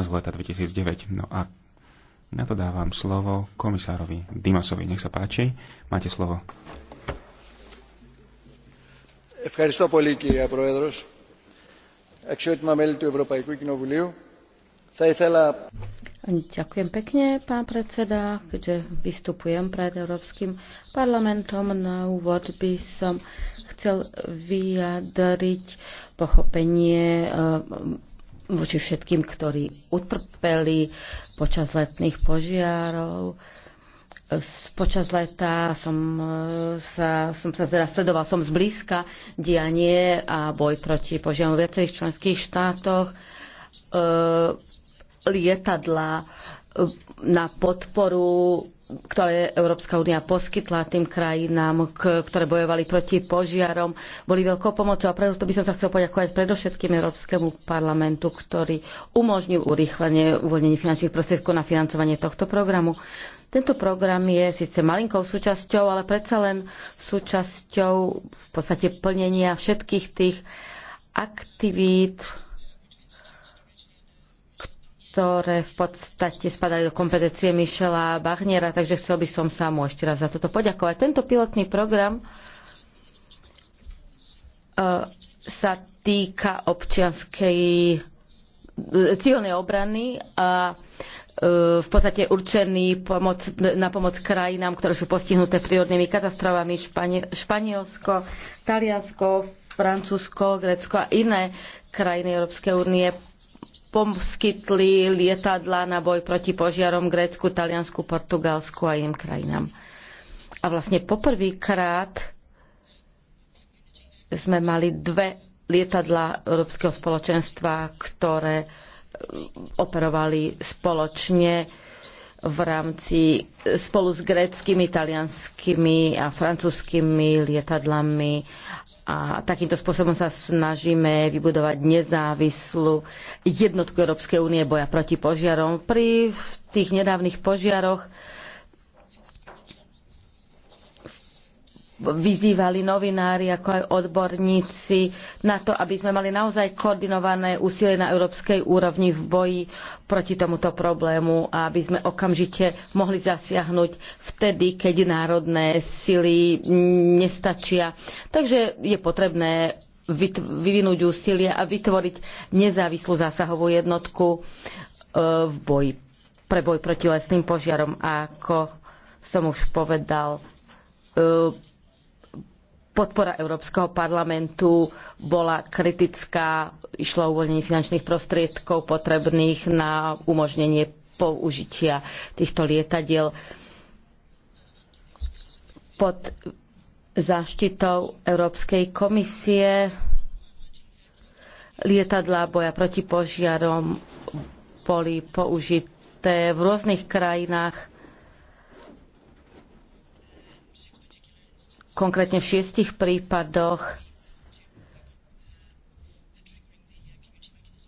z leta 2009. No a na to dávam slovo komisárovi Dimasovi. Nech sa páči, máte slovo. Ευχαριστώ πολύ κύριε Πρόεδρος. μέλη του Ευρωπαϊκού Κοινοβουλίου. Θα ήθελα... Ďakujem pekne, pán predseda, keďže vystupujem pred Európskym parlamentom. Na úvod by som chcel vyjadriť pochopenie eh, voči všetkým, ktorí utrpeli počas letných požiarov. Počas leta som e, sa, som sa teda sledoval som zblízka dianie a boj proti požiarom v viacerých členských štátoch. E, lietadla e, na podporu ktoré Európska únia poskytla tým krajinám, ktoré bojovali proti požiarom, boli veľkou pomocou a preto by som sa chcel poďakovať predovšetkým Európskemu parlamentu, ktorý umožnil urýchlenie uvoľnenie finančných prostriedkov na financovanie tohto programu. Tento program je síce malinkou súčasťou, ale predsa len súčasťou v podstate plnenia všetkých tých aktivít, ktoré v podstate spadali do kompetencie Michela Barniera, takže chcel by som sa mu ešte raz za toto poďakovať. Tento pilotný program e, sa týka občianskej e, civilnej obrany a e, v podstate určený pomoc, na pomoc krajinám, ktoré sú postihnuté prírodnými katastrofami, Španie, Španielsko, Taliansko, Francúzsko, Grécko a iné krajiny Európskej únie poskytli lietadla na boj proti požiarom Grécku, Taliansku, Portugalsku a iným krajinám. A vlastne poprvýkrát sme mali dve lietadla Európskeho spoločenstva, ktoré eh, operovali spoločne v rámci e, spolu s gréckými, talianskými a francúzskými lietadlami a takýmto spôsobom sa snažíme vybudovať nezávislú jednotku Európskej únie boja proti požiarom. Pri tých nedávnych požiaroch vyzývali novinári, ako aj odborníci na to, aby sme mali naozaj koordinované úsilie na európskej úrovni v boji proti tomuto problému a aby sme okamžite mohli zasiahnuť vtedy, keď národné sily nestačia. Takže je potrebné vyvinúť úsilie a vytvoriť nezávislú zásahovú jednotku e, v boji pre boj proti lesným požiarom. A ako som už povedal, e, podpora Európskeho parlamentu bola kritická, išlo o uvoľnenie finančných prostriedkov potrebných na umožnenie použitia týchto lietadiel pod záštitou Európskej komisie lietadlá boja proti požiarom boli použité v rôznych krajinách konkrétne v šiestich prípadoch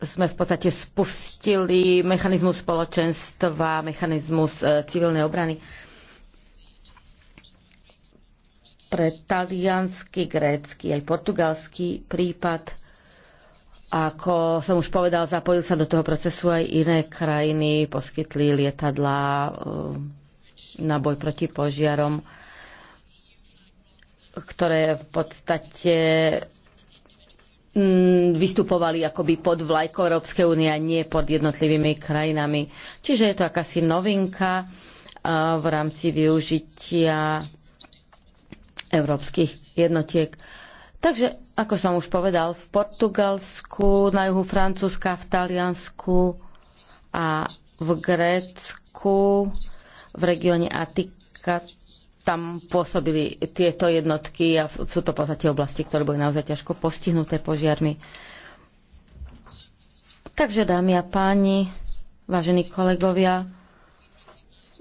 sme v podstate spustili mechanizmus spoločenstva, mechanizmus e, civilnej obrany pre taliansky, grécky aj portugalský prípad. Ako som už povedal, zapojil sa do toho procesu aj iné krajiny, poskytli lietadlá e, na boj proti požiarom ktoré v podstate mm, vystupovali akoby pod vlajkou Európskej únie a nie pod jednotlivými krajinami. Čiže je to akási novinka v rámci využitia európskych jednotiek. Takže, ako som už povedal, v Portugalsku, na juhu Francúzska, v Taliansku a v Grécku, v regióne Atika tam pôsobili tieto jednotky a sú to podstate oblasti, ktoré boli naozaj ťažko postihnuté požiarmi. Takže dámy a páni, vážení kolegovia,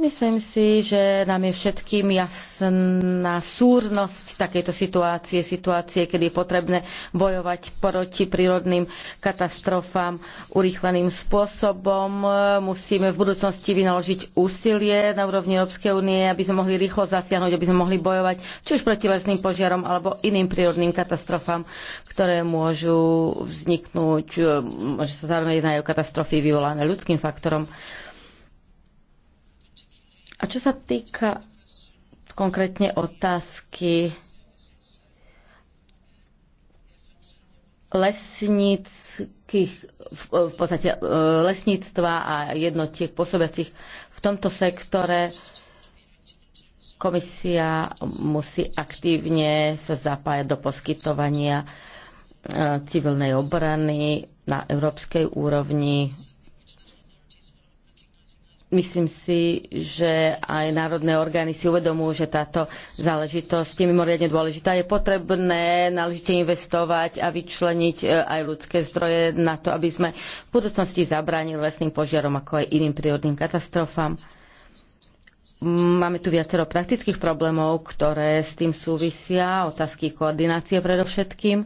Myslím si, že nám je všetkým jasná súrnosť takejto situácie, situácie, kedy je potrebné bojovať proti prírodným katastrofám urýchleným spôsobom. Musíme v budúcnosti vynaložiť úsilie na úrovni Európskej únie, aby sme mohli rýchlo zasiahnuť, aby sme mohli bojovať či už proti lesným požiarom alebo iným prírodným katastrofám, ktoré môžu vzniknúť, môže sa zároveň o katastrofy vyvolané ľudským faktorom. A čo sa týka konkrétne otázky lesníckých, v podstate e, lesníctva a jednotiek pôsobiacich v tomto sektore, komisia musí aktívne sa zapájať do poskytovania e, civilnej obrany na európskej úrovni Myslím si, že aj národné orgány si uvedomujú, že táto záležitosť je mimoriadne dôležitá. Je potrebné náležite investovať a vyčleniť e, aj ľudské zdroje na to, aby sme v budúcnosti zabránili lesným požiarom ako aj iným prírodným katastrofám. Máme tu viacero praktických problémov, ktoré s tým súvisia, otázky koordinácie predovšetkým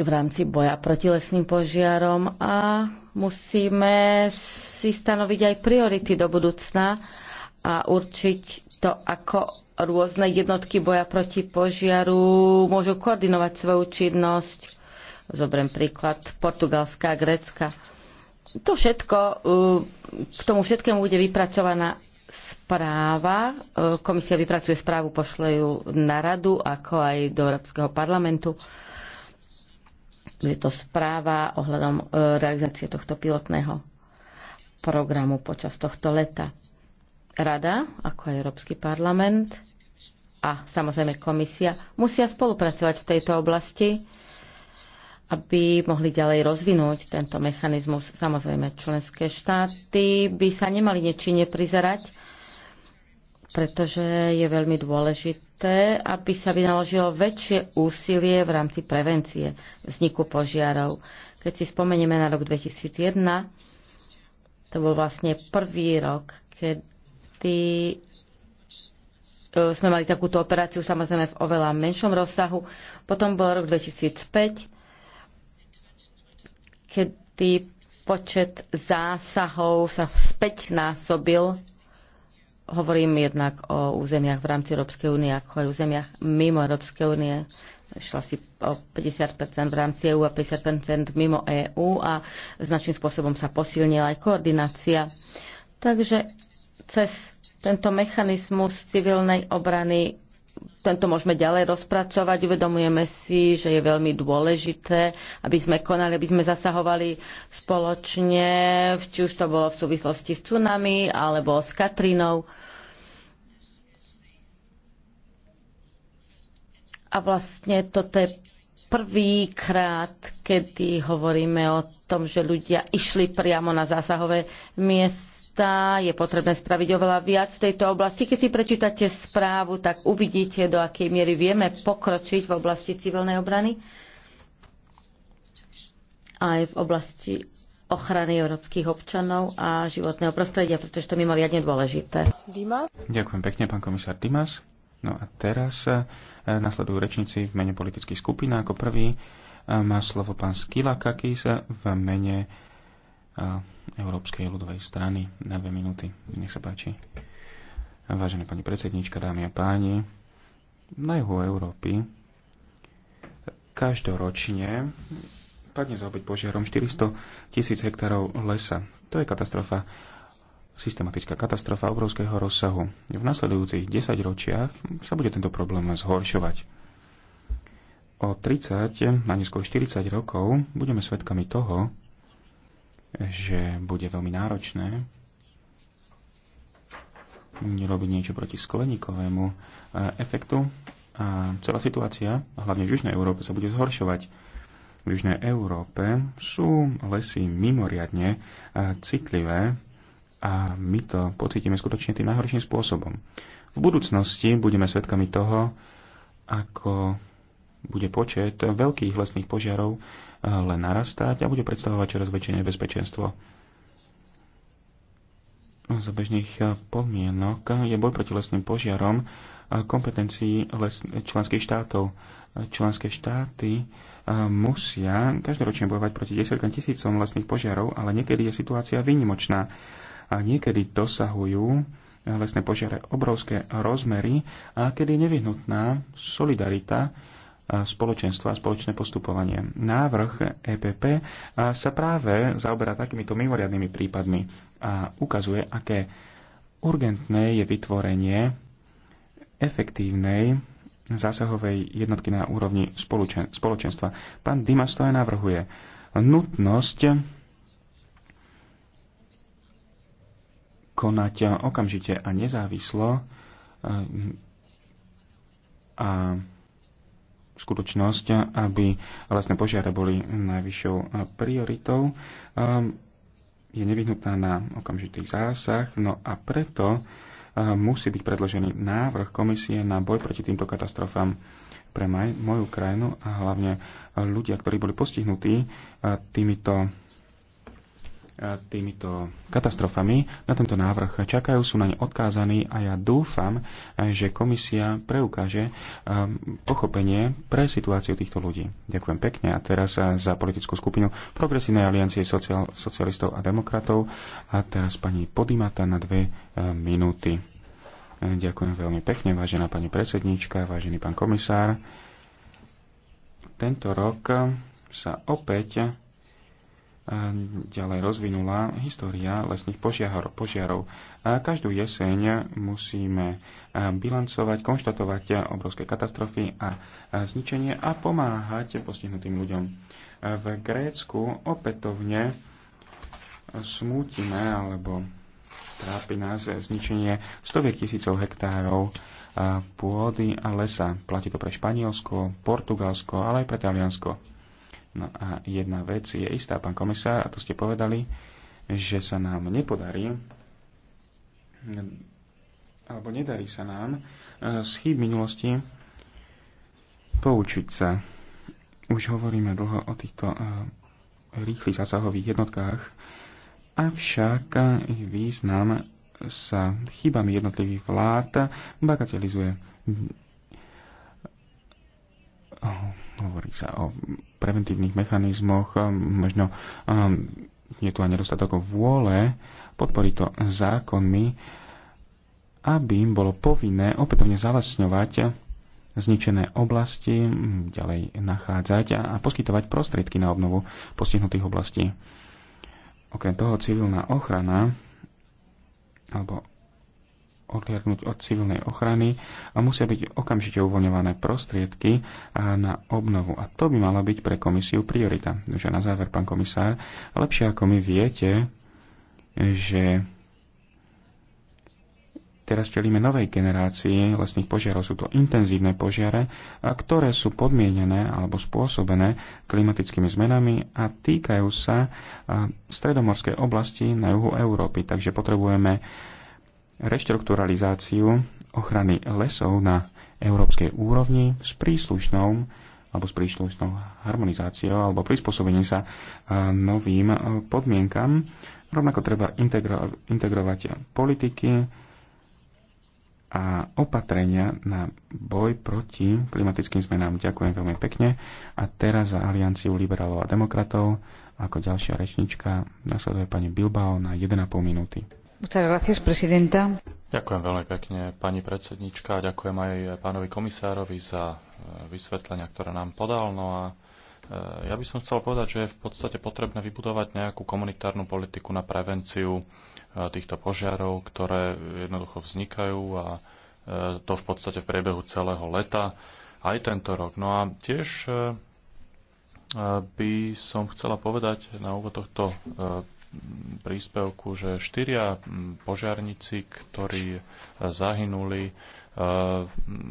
v rámci boja proti lesným požiarom a musíme si stanoviť aj priority do budúcna a určiť to, ako rôzne jednotky boja proti požiaru môžu koordinovať svoju činnosť. Zobrem príklad Portugalská a Grécka. To všetko, eh, k tomu všetkému bude vypracovaná správa. Eh, komisia vypracuje správu, pošle ju na radu, ako aj do Európskeho parlamentu. Je to správa ohľadom e, realizácie tohto pilotného programu počas tohto leta. Rada, ako aj Európsky parlament a samozrejme komisia, musia spolupracovať v tejto oblasti, aby mohli ďalej rozvinúť tento mechanizmus. Samozrejme, členské štáty by sa nemali nečine prizerať, pretože je veľmi dôležité, aby sa vynaložilo väčšie úsilie v rámci prevencie vzniku požiarov. Keď si spomenieme na rok 2001, to bol vlastne prvý rok, kedy e, sme mali takúto operáciu, samozrejme v oveľa menšom rozsahu. Potom bol rok 2005, kedy počet zásahov sa späť násobil Hovorím jednak o územiach v rámci Európskej únie, ako aj územiach mimo Európskej únie. Šla si o 50 v rámci EÚ a 50 mimo EÚ a značným spôsobom sa posilnila aj koordinácia. Takže cez tento mechanizmus civilnej obrany tento môžeme ďalej rozpracovať. Uvedomujeme si, že je veľmi dôležité, aby sme konali, aby sme zasahovali spoločne, či už to bolo v súvislosti s tsunami alebo s Katrinou. A vlastne toto je prvýkrát, kedy hovoríme o tom, že ľudia išli priamo na zásahové miesto dôležitá, je potrebné spraviť oveľa viac v tejto oblasti. Keď si prečítate správu, tak uvidíte, do akej miery vieme pokročiť v oblasti civilnej obrany aj v oblasti ochrany európskych občanov a životného prostredia, pretože to mali mimoriadne dôležité. Dimas? Ďakujem pekne, pán komisár Dimas. No a teraz eh, nasledujú rečníci v mene politických skupín. Ako prvý eh, má slovo pán Skilakakis eh, v mene a Európskej ľudovej strany na dve minúty. Nech sa páči. Vážená pani predsednička, dámy a páni, na juhu Európy každoročne padne za obeď požiarom 400 tisíc hektárov lesa. To je katastrofa, systematická katastrofa obrovského rozsahu. V nasledujúcich 10 ročiach sa bude tento problém zhoršovať. O 30 najskôr 40 rokov budeme svedkami toho, že bude veľmi náročné robiť niečo proti skleníkovému e, efektu a celá situácia, hlavne v Južnej Európe, sa bude zhoršovať. V Južnej Európe sú lesy mimoriadne e, citlivé a my to pocítime skutočne tým najhorším spôsobom. V budúcnosti budeme svedkami toho, ako bude počet veľkých lesných požiarov len narastať a bude predstavovať čoraz väčšie nebezpečenstvo. Za bežných eh, podmienok je boj proti lesným požiarom eh, kompetencií les, členských štátov. Eh, členské štáty musia každoročne bojovať proti desiatkam tisícom lesných požiarov, ale niekedy je situácia výnimočná. A niekedy dosahujú lesné požiare obrovské rozmery a kedy je nevyhnutná solidarita spoločenstva a spoločné postupovanie. Návrh EPP sa práve zaoberá takýmito mimoriadnými prípadmi a ukazuje, aké urgentné je vytvorenie efektívnej zásahovej jednotky na úrovni spoločen- spoločenstva. Pán Dimas to aj navrhuje. Nutnosť konať okamžite a nezávislo a skutočnosť, aby vlastné požiare boli najvyššou prioritou, ehm, je nevyhnutná na okamžitý zásah, no a preto ehm, musí byť predložený návrh komisie na boj proti týmto katastrofám pre maj, moju krajinu a hlavne ľudia, ktorí boli postihnutí ehm, týmito týmito katastrofami. Na tento návrh čakajú, sú na ne odkázaní a ja dúfam, že komisia preukáže um, pochopenie pre situáciu týchto ľudí. Ďakujem pekne a teraz uh, za politickú skupinu Progresívnej aliancie sociál, socialistov a demokratov a teraz pani Podimata na dve uh, minúty. Ďakujem veľmi pekne, vážená pani predsedníčka, vážený pán komisár. Tento rok sa opäť ďalej rozvinula história lesných požiarov. požiarov. Každú jeseň musíme bilancovať, konštatovať obrovské katastrofy a zničenie a pomáhať postihnutým ľuďom. V Grécku opätovne smútime alebo trápi nás zničenie stoviek tisícov hektárov pôdy a lesa. Platí to pre Španielsko, Portugalsko, ale aj pre Taliansko No a jedna vec je istá, pán komisár, a to ste povedali, že sa nám nepodarí, alebo nedarí sa nám e, z chýb minulosti poučiť sa. Už hovoríme dlho o týchto e, rýchlych zásahových jednotkách, avšak ich význam sa chybami jednotlivých vlád bagatelizuje. Oh Hovorí sa o preventívnych mechanizmoch, um, možno um, je tu aj nedostatok vôle podporiť to zákonmi, aby im bolo povinné opätovne zalesňovať zničené oblasti, ďalej nachádzať a, a poskytovať prostriedky na obnovu postihnutých oblastí. Okrem toho civilná ochrana alebo odliadnúť od civilnej ochrany a musia byť okamžite uvoľňované prostriedky na obnovu. A to by mala byť pre komisiu priorita. Takže na záver, pán komisár, lepšie ako my viete, že teraz čelíme novej generácii lesných požiarov. Sú to intenzívne požiare, ktoré sú podmienené alebo spôsobené klimatickými zmenami a týkajú sa stredomorskej oblasti na juhu Európy. Takže potrebujeme reštrukturalizáciu ochrany lesov na európskej úrovni s príslušnou alebo s príslušnou harmonizáciou alebo prispôsobením sa e, novým e, podmienkam. Rovnako treba integro- integrovať politiky a opatrenia na boj proti klimatickým zmenám. Ďakujem veľmi pekne. A teraz za Alianciu liberálov a demokratov ako ďalšia rečnička nasleduje pani Bilbao na 1,5 minúty. Ďakujem veľmi pekne, pani predsednička. Ďakujem aj pánovi komisárovi za e, vysvetlenia, ktoré nám podal. No a e, ja by som chcel povedať, že je v podstate potrebné vybudovať nejakú komunitárnu politiku na prevenciu e, týchto požiarov, ktoré jednoducho vznikajú a to v podstate v priebehu celého leta aj tento rok. No a tiež by som chcela povedať na úvod tohto príspevku, že štyria požiarníci, ktorí e, zahynuli e,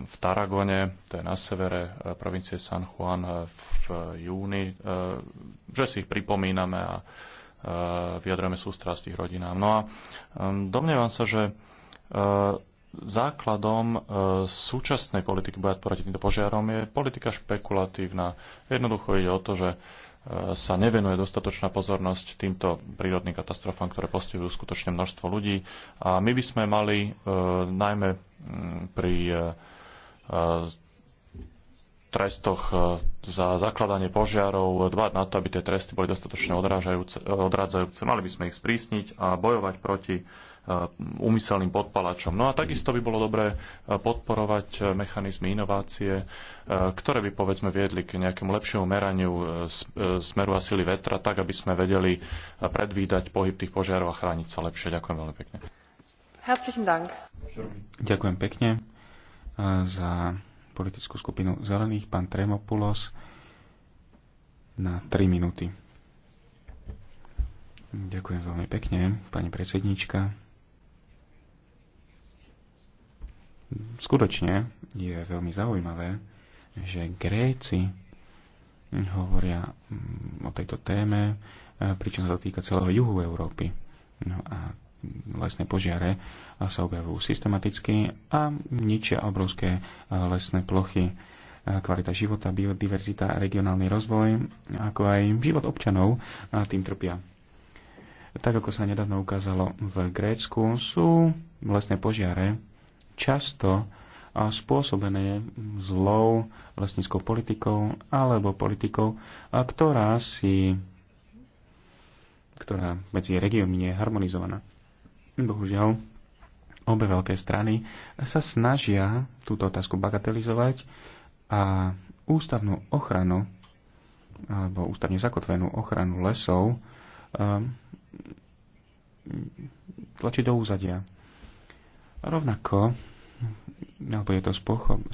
v Taragone, to je na severe e, provincie San Juan v júni, že si ich pripomíname a vyjadrujeme sústrasť ich rodinám. No a domnievam sa, že základom súčasnej politiky boja proti týmto požiarom je politika špekulatívna. Jednoducho ide o to, že E, sa nevenuje dostatočná pozornosť týmto prírodným katastrofám, ktoré postihujú skutočne množstvo ľudí. A my by sme mali e, najmä mm, pri e, trestoch e, za zakladanie požiarov, dbať na to, aby tie tresty boli dostatočne e, odrádzajúce. Mali by sme ich sprísniť a bojovať proti e, úmyselným podpalačom. No a takisto by bolo dobré podporovať mechanizmy inovácie, ktoré by povedzme viedli k nejakému lepšiemu meraniu smeru a sily vetra, tak aby sme vedeli predvídať pohyb tých požiarov a chrániť sa lepšie. Ďakujem veľmi pekne. Herzlichen Dank. Ďakujem pekne za politickú skupinu zelených, pán Tremopulos, na 3 minúty. Ďakujem veľmi pekne, pani predsednička. Skutočne je veľmi zaujímavé, že Gréci hovoria mm, o tejto téme, eh, pričom sa to týka celého juhu Európy. No a lesné požiare sa objavujú systematicky a ničia obrovské e, lesné plochy. E, kvalita života, biodiverzita, regionálny rozvoj, ako aj život občanov tým trpia. Tak ako sa nedávno ukázalo v Grécku, sú lesné požiare často e, spôsobené zlou lesníckou politikou alebo politikou, ktorá si ktorá medzi regiónmi nie je harmonizovaná bohužiaľ, obe veľké strany sa snažia túto otázku bagatelizovať a ústavnú ochranu alebo ústavne zakotvenú ochranu lesov um, ehm, tlačí do úzadia. Rovnako, alebo je to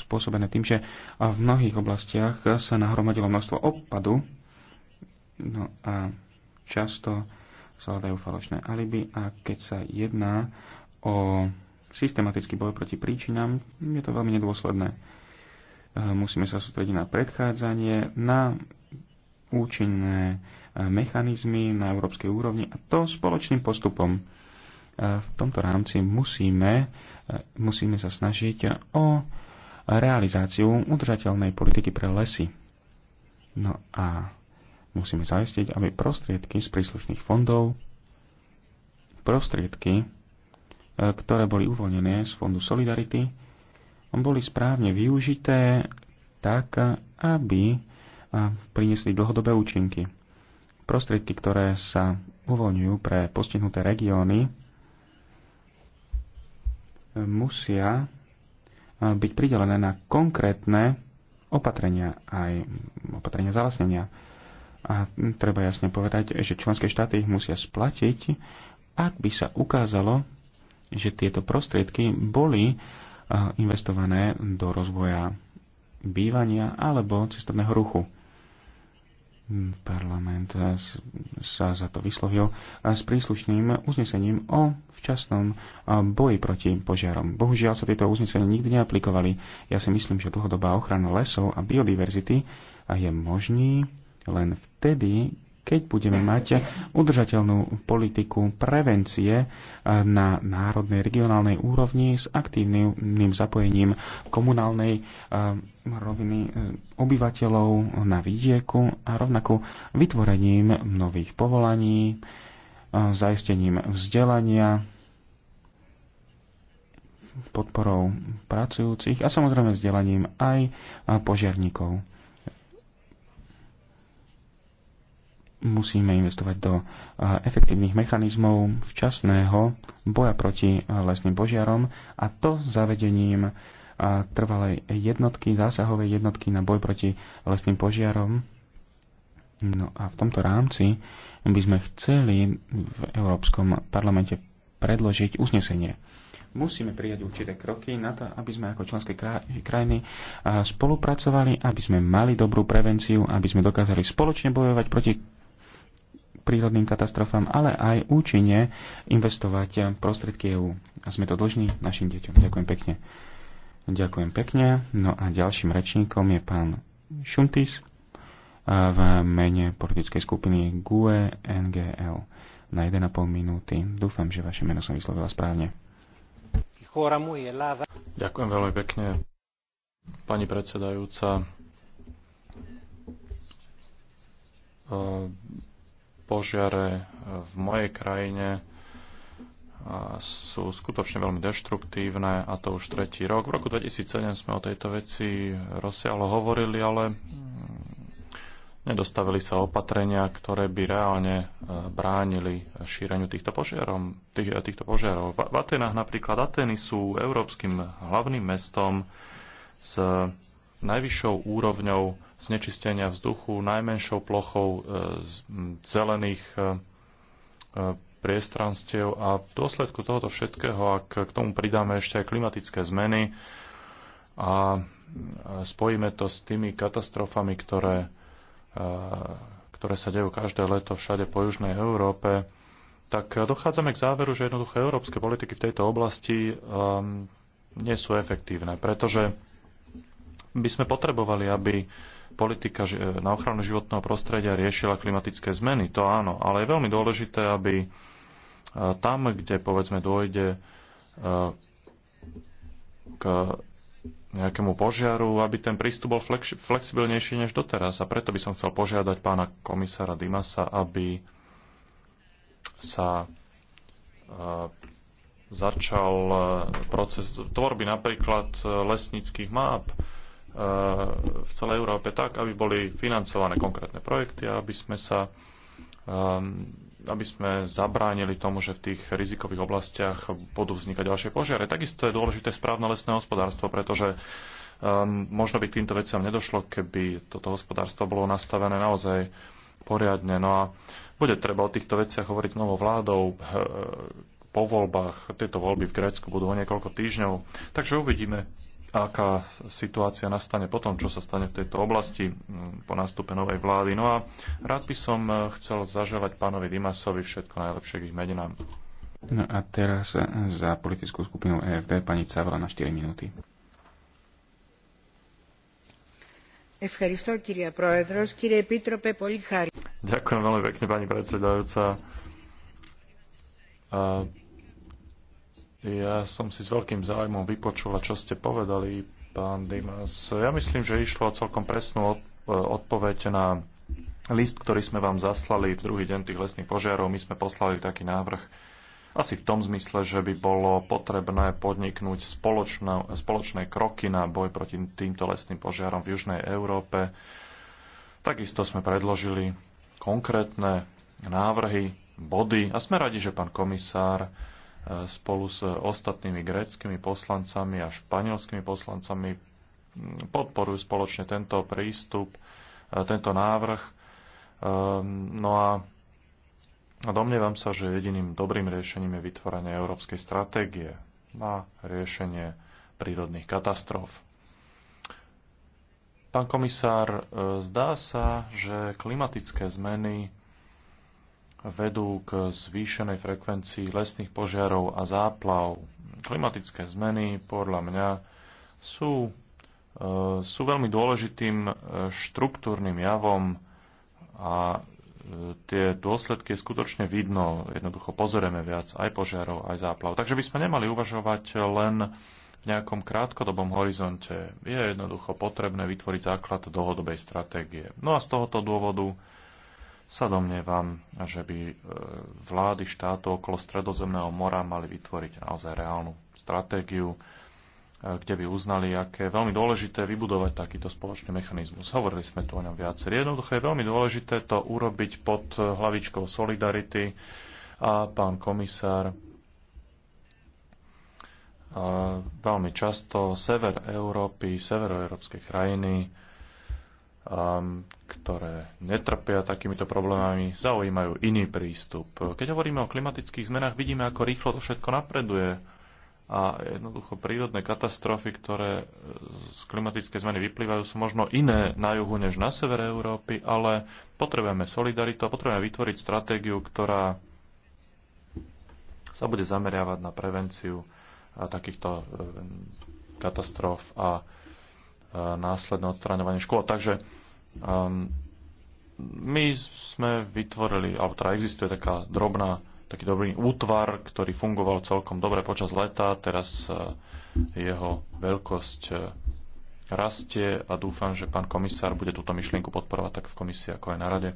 spôsobené tým, že v mnohých oblastiach sa nahromadilo množstvo odpadu no a často sa hľadajú falošné alibi a keď sa jedná o systematický boj proti príčinám, je to veľmi nedôsledné. E, musíme sa sústrediť na predchádzanie, na účinné e, mechanizmy na európskej úrovni a to spoločným postupom. E, v tomto rámci musíme, musíme sa snažiť o realizáciu udržateľnej politiky pre lesy. No a Musíme zaistiť, aby prostriedky z príslušných fondov, prostriedky, e, ktoré boli uvoľnené z Fondu Solidarity, boli správne využité tak, aby e, priniesli dlhodobé účinky. Prostriedky, ktoré sa uvoľňujú pre postihnuté regióny, e, musia byť pridelené na konkrétne opatrenia, aj opatrenia zalesnenia. A treba jasne povedať, že členské štáty ich musia splatiť, ak by sa ukázalo, že tieto prostriedky boli investované do rozvoja bývania alebo cestovného ruchu. Parlament sa za to vyslovil s príslušným uznesením o včasnom boji proti požiarom. Bohužiaľ sa tieto uznesenia nikdy neaplikovali. Ja si myslím, že dlhodobá ochrana lesov a biodiverzity je možný len vtedy, keď budeme mať udržateľnú politiku prevencie na národnej, regionálnej úrovni s aktívnym zapojením komunálnej eh, roviny eh, obyvateľov na vidieku a rovnako vytvorením nových povolaní, eh, zaistením vzdelania, podporou pracujúcich a samozrejme vzdelaním aj požiarníkov. musíme investovať do efektívnych mechanizmov včasného boja proti lesným požiarom a to zavedením trvalej jednotky, zásahovej jednotky na boj proti lesným požiarom. No a v tomto rámci by sme chceli v Európskom parlamente predložiť uznesenie. Musíme prijať určité kroky na to, aby sme ako členské krajiny spolupracovali, aby sme mali dobrú prevenciu, aby sme dokázali spoločne bojovať proti prírodným katastrofám, ale aj účinne investovať prostriedky EÚ. A sme to dlžní našim deťom. Ďakujem pekne. Ďakujem pekne. No a ďalším rečníkom je pán Šuntis v mene politickej skupiny GUE NGL na 1,5 minúty. Dúfam, že vaše meno som vyslovila správne. Ďakujem veľmi pekne, pani predsedajúca požiare v mojej krajine sú skutočne veľmi deštruktívne a to už tretí rok. V roku 2007 sme o tejto veci rozsiahlo hovorili, ale mm, nedostavili sa opatrenia, ktoré by reálne e, bránili šíreniu týchto, požiarom, tých, e, týchto požiarov. v Atenách napríklad Ateny sú európskym hlavným mestom s najvyššou úrovňou znečistenia vzduchu, najmenšou plochou e, zelených e, e, priestranstiev a v dôsledku tohoto všetkého, ak k tomu pridáme ešte aj klimatické zmeny a spojíme to s tými katastrofami, ktoré, ktoré sa dejú každé leto všade po južnej Európe, tak dochádzame k záveru, že jednoduché európske politiky v tejto oblasti um, nie sú efektívne, pretože by sme potrebovali, aby politika e, na ochranu životného prostredia riešila klimatické zmeny. To áno, ale je veľmi dôležité, aby e, tam, kde povedzme dôjde e, k nejakému požiaru, aby ten prístup bol flexibilnejší než doteraz. A preto by som chcel požiadať pána komisára Dimasa, aby sa začal proces tvorby napríklad lesníckých map, Eh, v celej Európe tak, aby boli financované konkrétne projekty a aby sme sa ehm, aby sme zabránili tomu, že v tých rizikových oblastiach budú vznikať ďalšie požiare. Takisto je dôležité správne lesné hospodárstvo, pretože um, možno by k týmto veciam nedošlo, keby toto hospodárstvo bolo nastavené naozaj poriadne. No a bude treba o týchto veciach hovoriť s novou vládou eh, po voľbách. Tieto voľby v Grécku budú o niekoľko týždňov. Takže uvidíme, aká situácia nastane potom, čo sa stane v tejto oblasti mm, po nástupe novej vlády. No a rád by som e, chcel zaželať pánovi Dimasovi všetko najlepšie k ich meninám. No a teraz e, za politickú skupinu EFD pani Cavala na 4 minúty. Ďakujem veľmi pekne, pani predsedajúca. Ja som si s veľkým záujmom vypočula, čo ste povedali, pán Dimas. Ja myslím, že išlo o celkom presnú odpoveď na list, ktorý sme vám zaslali v druhý deň tých lesných požiarov. My sme poslali taký návrh asi v tom zmysle, že by bolo potrebné podniknúť spoločné, spoločné kroky na boj proti týmto lesným požiarom v Južnej Európe. Takisto sme predložili konkrétne návrhy, body a sme radi, že pán komisár E, spolu s ostatnými gréckými poslancami a španielskými poslancami podporujú spoločne tento prístup, e, tento návrh. E, no a domnievam sa, že jediným dobrým riešením je vytvorenie európskej stratégie na riešenie prírodných katastrof. Pán komisár, zdá sa, že klimatické zmeny vedú k zvýšenej frekvencii lesných požiarov a záplav. Klimatické zmeny podľa mňa sú, e, sú veľmi dôležitým e, štruktúrnym javom a e, tie dôsledky je skutočne vidno. Jednoducho pozorujeme viac aj požiarov, aj záplav. Takže by sme nemali uvažovať len v nejakom krátkodobom horizonte. Je jednoducho potrebné vytvoriť základ dlhodobej stratégie. No a z tohoto dôvodu sa domnievam, že by e, vlády štátov okolo Stredozemného mora mali vytvoriť naozaj reálnu stratégiu, e, kde by uznali, aké je veľmi dôležité vybudovať takýto spoločný mechanizmus. Hovorili sme tu o ňom viacerý. Jednoducho je veľmi dôležité to urobiť pod e, hlavičkou solidarity a pán komisár veľmi často sever Európy, severoeurópske krajiny Um, ktoré netrpia takýmito problémami, zaujímajú iný prístup. Keď hovoríme o klimatických zmenách, vidíme, ako rýchlo to všetko napreduje a jednoducho prírodné katastrofy, ktoré e, z klimatické zmeny vyplývajú, sú možno iné na juhu než na severe Európy, ale potrebujeme solidaritu a potrebujeme vytvoriť stratégiu, ktorá sa bude zameriavať na prevenciu e, takýchto e, katastrof a následné odstraňovanie škôl. Takže Um, my sme vytvorili, alebo teda existuje taká drobná, taký dobrý útvar, ktorý fungoval celkom dobre počas leta, teraz eh, jeho veľkosť eh, rastie a dúfam, že pán komisár bude túto myšlienku podporovať tak v komisii, ako aj na rade.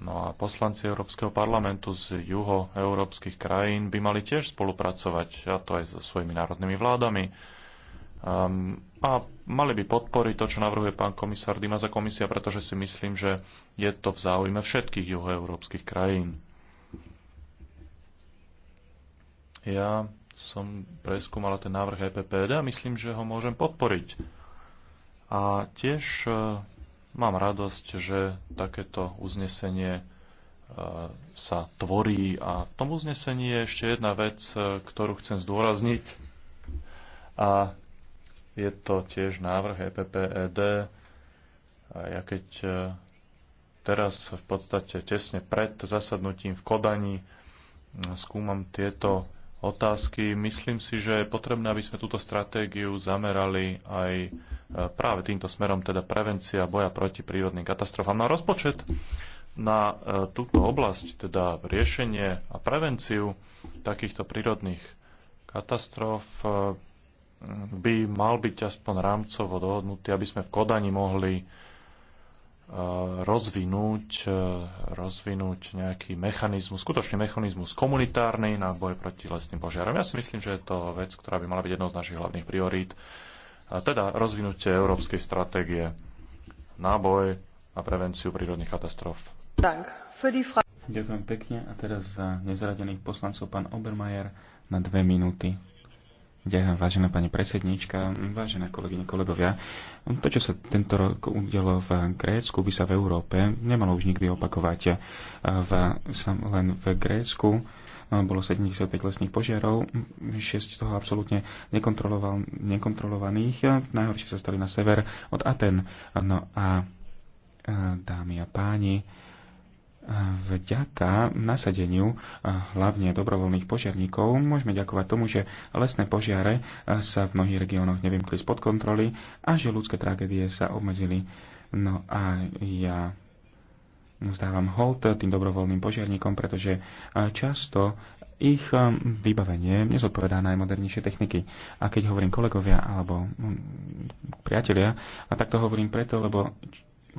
No a poslanci Európskeho parlamentu z juho európskych krajín by mali tiež spolupracovať, a to aj so svojimi národnými vládami, Um, a mali by podporiť to, čo navrhuje pán komisár Dimaza komisia, pretože si myslím, že je to v záujme všetkých juhoeurópskych krajín. Ja som preskúmala ten návrh EPPD a myslím, že ho môžem podporiť. A tiež uh, mám radosť, že takéto uznesenie uh, sa tvorí a v tom uznesení je ešte jedna vec, uh, ktorú chcem zdôrazniť. A je to tiež návrh EPPED a ja keď e, teraz v podstate tesne pred zasadnutím v Kodani skúmam tieto otázky. Myslím si, že je potrebné, aby sme túto stratégiu zamerali aj e, práve týmto smerom, teda prevencia boja proti prírodným katastrofám. Na no rozpočet na e, túto oblasť, teda riešenie a prevenciu takýchto prírodných katastrof by mal byť aspoň rámcovo dohodnutý, aby sme v Kodani mohli e, rozvinúť, e, rozvinúť nejaký mechanizmus, skutočný mechanizmus komunitárny na boj proti lesným požiarom. Ja si myslím, že je to vec, ktorá by mala byť jednou z našich hlavných priorít, teda rozvinutie európskej stratégie na boj a prevenciu prírodných katastrof. Ďakujem pekne a teraz za nezradených poslancov pán Obermajer na dve minúty. Ďakujem vážená pani predsedníčka, vážené kolegyne, kolegovia. To, čo sa tento rok udialo v Grécku, by sa v Európe nemalo už nikdy opakovať. V, len v Grécku eh, bolo 75 lesných požiarov, 6 z toho absolútne nekontrolovaných. Najhoršie sa stali na sever od Aten. No a eh, dámy a páni, vďaka nasadeniu hlavne dobrovoľných požiarníkov môžeme ďakovať tomu, že lesné požiare sa v mnohých regiónoch nevymkli spod kontroly a že ľudské tragédie sa obmedzili. No a ja vzdávam hold tým dobrovoľným požiarníkom, pretože často ich vybavenie nezodpovedá najmodernejšie techniky. A keď hovorím kolegovia alebo priatelia, a tak to hovorím preto, lebo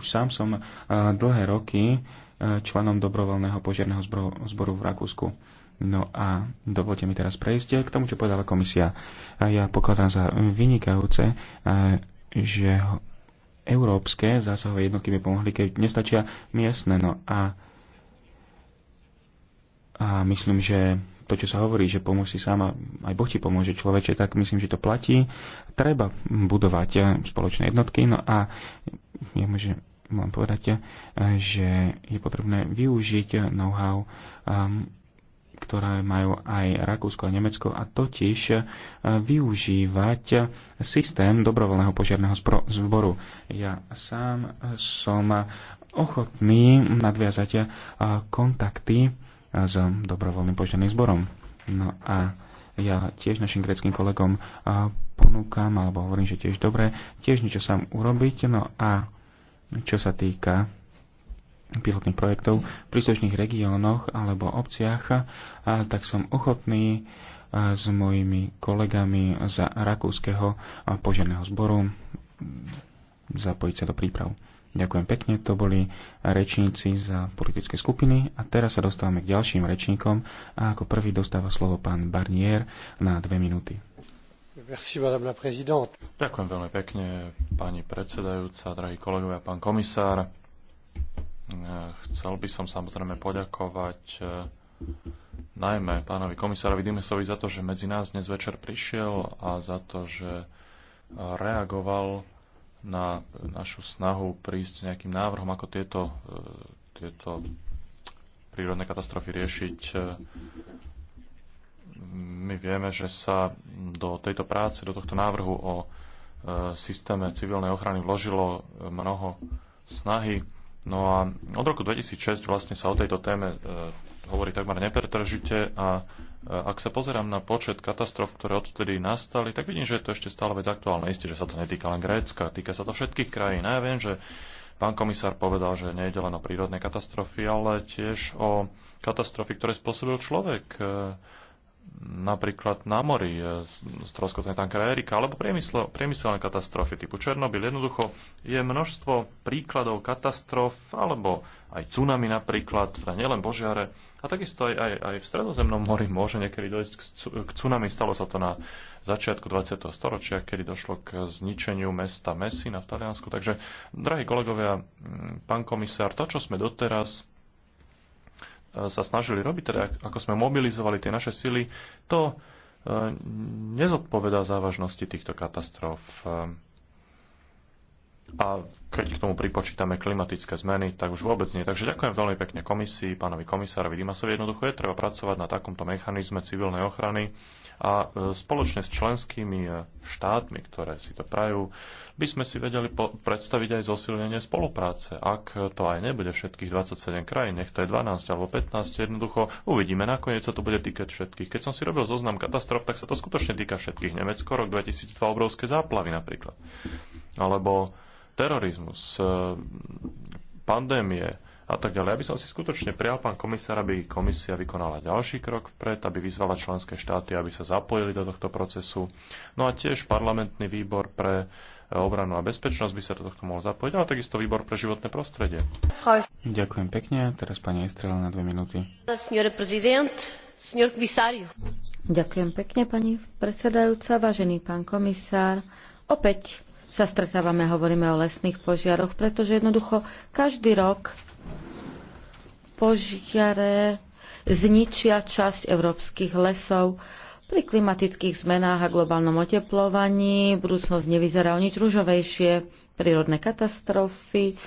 už sám som dlhé roky členom dobrovoľného požiarného zboru v Rakúsku. No a dovolte mi teraz prejsť k tomu, čo povedala komisia. Ja pokladám za vynikajúce, že európske zásahové jednotky by pomohli, keď nestačia miestne. No a, a myslím, že to, čo sa hovorí, že pomôže si sama, aj Boh ti pomôže človeče, tak myslím, že to platí. Treba budovať spoločné jednotky, no a ja môžem, mám povedať, eh, že je potrebné využiť know-how, ehm, ktoré majú aj Rakúsko a Nemecko, a totiž eh, využívať systém dobrovoľného požiarného zboru. Ja sám som ochotný nadviazať eh, kontakty s dobrovoľným požiarným zborom. No a ja tiež našim greckým kolegom ponúkam, alebo hovorím, že tiež dobre, tiež niečo sám urobiť, no a čo sa týka pilotných projektov v príslušných regiónoch alebo obciach, tak som ochotný s mojimi kolegami z rakúskeho požiadneho zboru zapojiť sa do príprav. Ďakujem pekne, to boli rečníci za politické skupiny a teraz sa dostávame k ďalším rečníkom a ako prvý dostáva slovo pán Barnier na dve minúty madame la Ďakujem veľmi pekne, pani predsedajúca, drahí kolegovia, pán komisár. Chcel by som samozrejme poďakovať eh, najmä pánovi komisárovi Dimesovi za to, že medzi nás dnes večer prišiel a za to, že eh, reagoval na našu snahu prísť s nejakým návrhom, ako tieto, eh, tieto prírodné katastrofy riešiť my vieme, že sa do tejto práce, do tohto návrhu o e, systéme civilnej ochrany vložilo e, mnoho snahy. No a od roku 2006 vlastne sa o tejto téme e, hovorí takmer nepretržite a ak sa pozerám na počet katastrof, ktoré odtedy nastali, tak vidím, že je to ešte stále vec aktuálne. Isté, že sa to netýka len Grécka, týka sa to všetkých krajín. A ja viem, že pán komisár povedal, že nejde len o prírodné katastrofy, ale tiež o katastrofy, ktoré spôsobil človek. E, napríklad na mori, e, stroskotné tankera Erika, alebo priemysl, priemyselné katastrofy typu Černobyl. Jednoducho je množstvo príkladov katastrof, alebo aj tsunami napríklad, teda nielen požiare. A takisto aj, aj, aj v stredozemnom mori môže niekedy dojsť k tsunami. Stalo sa to na začiatku 20. storočia, kedy došlo k zničeniu mesta Messina v Taliansku. Takže, drahí kolegovia, pán komisár, to, čo sme doteraz E, sa snažili robiť, teda ako sme mobilizovali tie naše sily, to e, nezodpovedá závažnosti týchto katastrof. E, a keď k tomu pripočítame klimatické zmeny, tak už vôbec nie. Takže ďakujem veľmi pekne komisii, pánovi komisárovi Dimasovi. Jednoducho je treba pracovať na takomto mechanizme civilnej ochrany, a e, spoločne s členskými e, štátmi, ktoré si to prajú, by sme si vedeli predstaviť aj zosilnenie spolupráce. Ak to aj nebude všetkých 27 krajín, nech to je 12 alebo 15, jednoducho uvidíme. Nakoniec sa to bude týkať všetkých. Keď som si robil zoznam katastrof, tak sa to skutočne týka všetkých. Nemecko, rok 2002, obrovské záplavy napríklad. Alebo terorizmus, e, pandémie, a tak ďalej. Aby som si skutočne prijal, pán komisár, aby komisia vykonala ďalší krok vpred, aby vyzvala členské štáty, aby sa zapojili do tohto procesu. No a tiež parlamentný výbor pre e, obranu a bezpečnosť by sa do tohto mohol zapojiť, ale takisto výbor pre životné prostredie. Ďakujem pekne. Teraz pani Estrela na dve minúty. Ďakujem pekne, pani predsedajúca, vážený pán komisár. Opäť sa stretávame, hovoríme o lesných požiaroch, pretože jednoducho každý rok požiare zničia časť európskych lesov. Pri klimatických zmenách a globálnom oteplovaní budúcnosť nevyzerá o nič ružovejšie. Prírodné katastrofy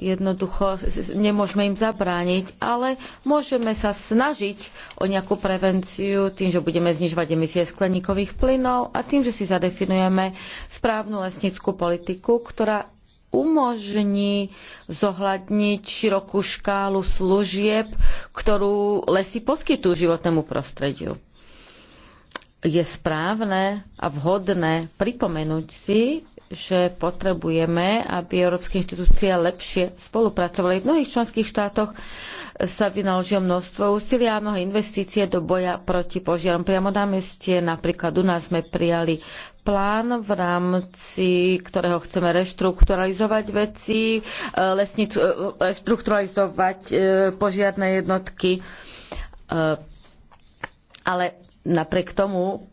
jednoducho nemôžeme im zabrániť, ale môžeme sa snažiť o nejakú prevenciu tým, že budeme znižovať emisie skleníkových plynov a tým, že si zadefinujeme správnu lesnickú politiku, ktorá umožní zohľadniť širokú škálu služieb, ktorú lesy poskytujú životnému prostrediu. Je správne a vhodné pripomenúť si, že potrebujeme, aby európske inštitúcie lepšie spolupracovali. V mnohých členských štátoch sa vynaložilo množstvo úsilia a mnohé investície do boja proti požiarom. Priamo na meste, napríklad u nás sme prijali plán, v rámci ktorého chceme reštrukturalizovať veci, e, lesnicu, e, reštrukturalizovať e, požiarne jednotky. Ale napriek tomu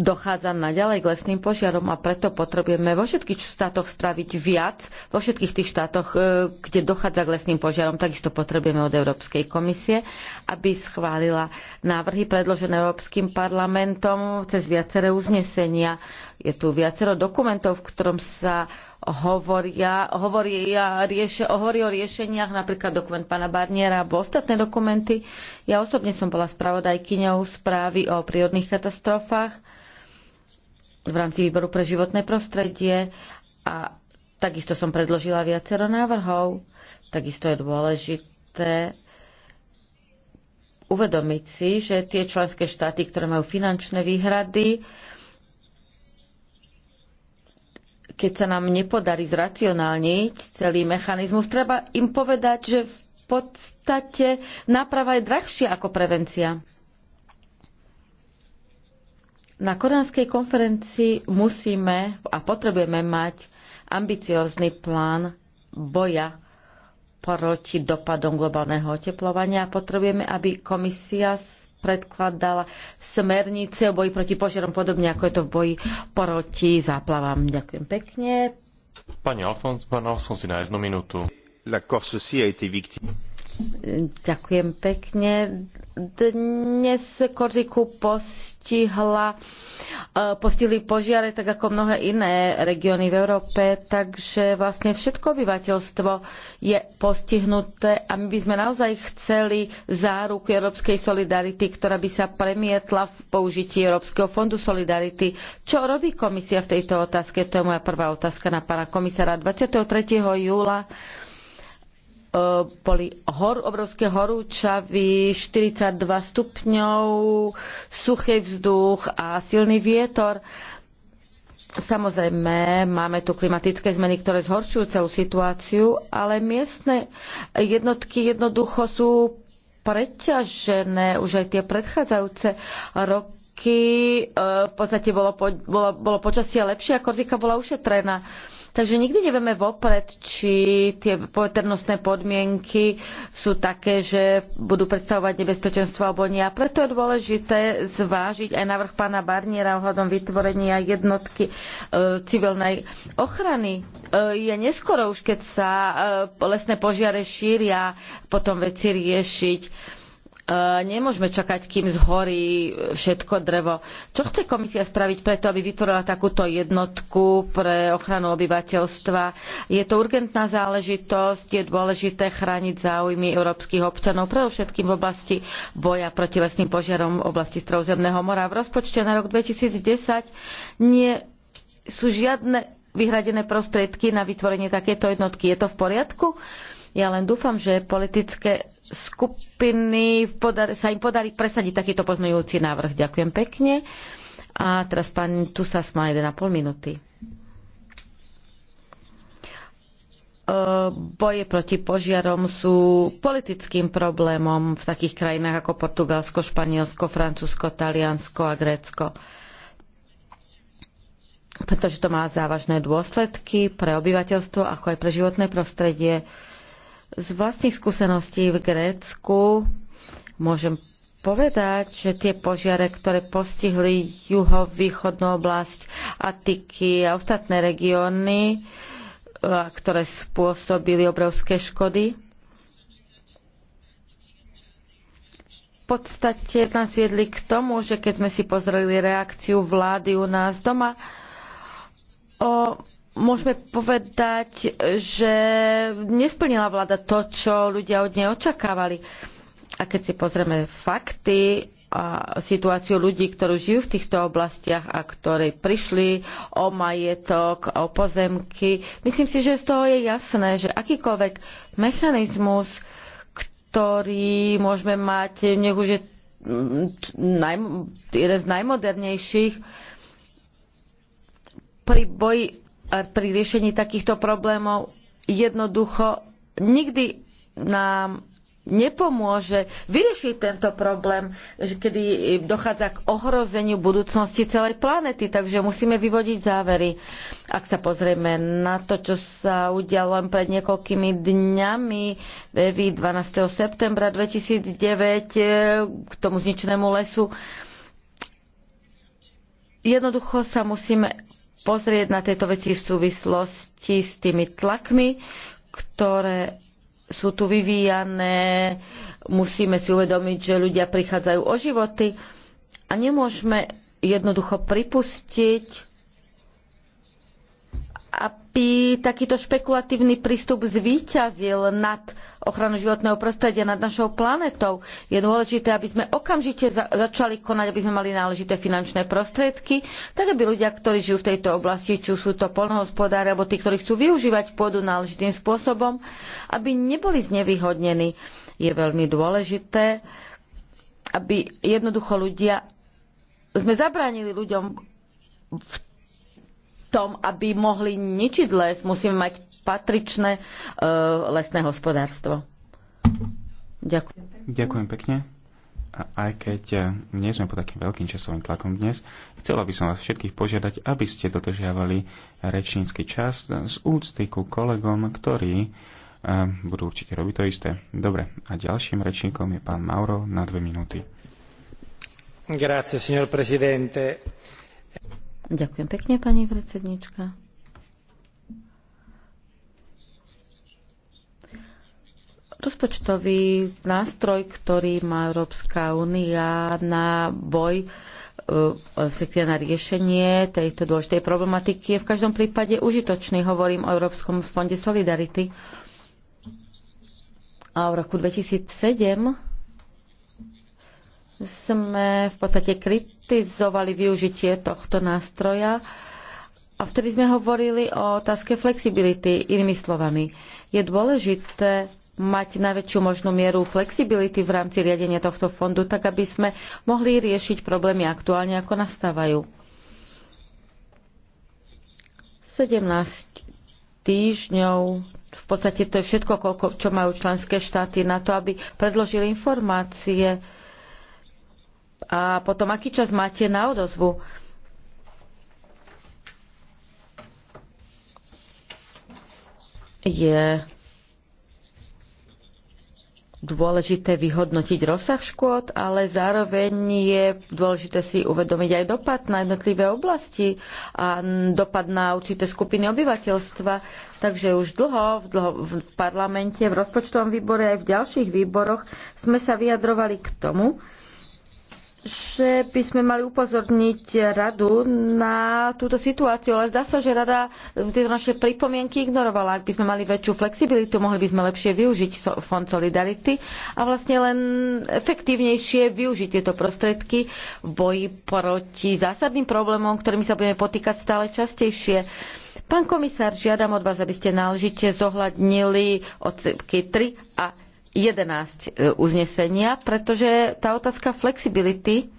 dochádza naďalej k lesným požiarom a preto potrebujeme vo všetkých štátoch spraviť viac, vo všetkých tých štátoch, e, kde dochádza k lesným požiarom, takisto potrebujeme od Európskej komisie, aby schválila návrhy predložené Európskym parlamentom cez viaceré uznesenia. Je tu viacero dokumentov, v ktorom sa hovoria, hovoria, rieš, hovorí o riešeniach, napríklad dokument pána Barniera alebo ostatné dokumenty. Ja osobne som bola spravodajkyňou správy o prírodných katastrofách v rámci výboru pre životné prostredie a takisto som predložila viacero návrhov. Takisto je dôležité uvedomiť si, že tie členské štáty, ktoré majú finančné výhrady, keď sa nám nepodarí zracionálniť celý mechanizmus, treba im povedať, že v podstate náprava je drahšia ako prevencia. Na koránskej konferencii musíme a potrebujeme mať ambiciózny plán boja proti dopadom globálneho oteplovania. Potrebujeme, aby komisia predkladala smernice o boji proti požiarom, podobne ako je to v boji proti záplavám. Ďakujem pekne. Pani Alfons, pán Alfons, na jednu minútu. La Corse a été victime. Ďakujem pekne. Dnes Korziku postihla e, postihli požiare, tak ako mnohé iné regióny v Európe, takže vlastne všetko obyvateľstvo je postihnuté a my by sme naozaj chceli záruku európskej solidarity, ktorá by sa premietla v použití Európskeho fondu solidarity. Čo robí komisia v tejto otázke? To je moja prvá otázka na pána komisára. 23. júla E, boli hor, obrovské horúčavy, 42 stupňov, suchý vzduch a silný vietor. Samozrejme, máme tu klimatické zmeny, ktoré zhoršujú celú situáciu, ale miestne jednotky jednoducho sú preťažené už aj tie predchádzajúce roky. E, v podstate bolo, bolo, bolo počasie lepšie a Korzika bola ušetrená Takže nikdy nevieme vopred, či tie poveternostné podmienky sú také, že budú predstavovať nebezpečenstvo alebo nie. A preto je dôležité zvážiť aj návrh pána Barniera ohľadom vytvorenia jednotky e, civilnej ochrany. E, je neskoro už, keď sa e, lesné požiare šíria, potom veci riešiť E, nemôžeme čakať, kým zhorí všetko drevo. Čo chce komisia spraviť preto, aby vytvorila takúto jednotku pre ochranu obyvateľstva? Je to urgentná záležitosť, je dôležité chrániť záujmy európskych občanov, pre všetkým v oblasti boja proti lesným požiarom v oblasti Stredozemného mora. V rozpočte na rok 2010 nie sú žiadne vyhradené prostriedky na vytvorenie takéto jednotky. Je to v poriadku? Ja len dúfam, že politické skupiny sa im podarí presadiť takýto pozmeňujúci návrh. Ďakujem pekne. A teraz pán Tusas má 1,5 minúty. E, boje proti požiarom sú politickým problémom v takých krajinách ako Portugalsko, Španielsko, Francúzsko, Taliansko a Grécko. Pretože to má závažné dôsledky pre obyvateľstvo, ako aj pre životné prostredie. Z vlastných skúseností v Grécku môžem povedať, že tie požiare, ktoré postihli juhovýchodnú oblasť Atiky a ostatné regióny, ktoré spôsobili obrovské škody, v podstate nás viedli k tomu, že keď sme si pozreli reakciu vlády u nás doma, o môžeme povedať, že nesplnila vláda to, čo ľudia od nej očakávali. A keď si pozrieme fakty a situáciu ľudí, ktorí žijú v týchto oblastiach a ktorí prišli o majetok, o pozemky, myslím si, že z toho je jasné, že akýkoľvek mechanizmus, ktorý môžeme mať, nech už je mm, naj, jeden z najmodernejších, pri boji pri riešení takýchto problémov jednoducho nikdy nám nepomôže vyriešiť tento problém, kedy dochádza k ohrozeniu budúcnosti celej planety. Takže musíme vyvodiť závery. Ak sa pozrieme na to, čo sa udialo pred niekoľkými dňami, VEVI 12. septembra 2009 k tomu zničenému lesu, jednoducho sa musíme pozrieť na tieto veci v súvislosti s tými tlakmi, ktoré sú tu vyvíjané. Musíme si uvedomiť, že ľudia prichádzajú o životy a nemôžeme jednoducho pripustiť, aby takýto špekulatívny prístup zvíťazil nad ochranu životného prostredia, nad našou planetou. Je dôležité, aby sme okamžite začali konať, aby sme mali náležité finančné prostriedky, tak aby ľudia, ktorí žijú v tejto oblasti, či sú to polnohospodári alebo tí, ktorí chcú využívať pôdu náležitým spôsobom, aby neboli znevýhodnení. Je veľmi dôležité, aby jednoducho ľudia sme zabránili ľuďom v tom, aby mohli ničiť les, musíme mať patričné uh, lesné hospodárstvo. Ďakujem. Ďakujem pekne. A aj keď e, nie sme pod takým veľkým časovým tlakom dnes, chcela by som vás všetkých požiadať, aby ste dodržiavali rečnícky čas z úcty ku kolegom, ktorí e, budú určite robiť to isté. Dobre, a ďalším rečníkom je pán Mauro na dve minúty. Grazie, signor presidente. Ďakujem pekne, pani predsednička. Rozpočtový nástroj, ktorý má Európska únia na boj e, respektíve na riešenie tejto dôležitej problematiky je v každom prípade užitočný. Hovorím o Európskom fonde Solidarity. A v roku 2007 sme v podstate krit kritizovali využitie tohto nástroja a vtedy sme hovorili o otázke flexibility. Inými slovami, je dôležité mať najväčšiu možnú mieru flexibility v rámci riadenia tohto fondu, tak aby sme mohli riešiť problémy aktuálne, ako nastávajú. 17 týždňov, v podstate to je všetko, čo majú členské štáty na to, aby predložili informácie a potom aký čas máte na odozvu? Je dôležité vyhodnotiť rozsah škôd, ale zároveň je dôležité si uvedomiť aj dopad na jednotlivé oblasti a dopad na určité skupiny obyvateľstva. Takže už dlho v, dlho v parlamente, v rozpočtovom výbore aj v ďalších výboroch sme sa vyjadrovali k tomu, že by sme mali upozorniť radu na túto situáciu, ale zdá sa, že rada tieto naše pripomienky ignorovala. Ak by sme mali väčšiu flexibilitu, mohli by sme lepšie využiť Fond Solidarity a vlastne len efektívnejšie využiť tieto prostredky v boji proti zásadným problémom, ktorými sa budeme potýkať stále častejšie. Pán komisár, žiadam od vás, aby ste náležite zohľadnili odsypky 3 a 11 e, uznesenia, pretože tá otázka flexibility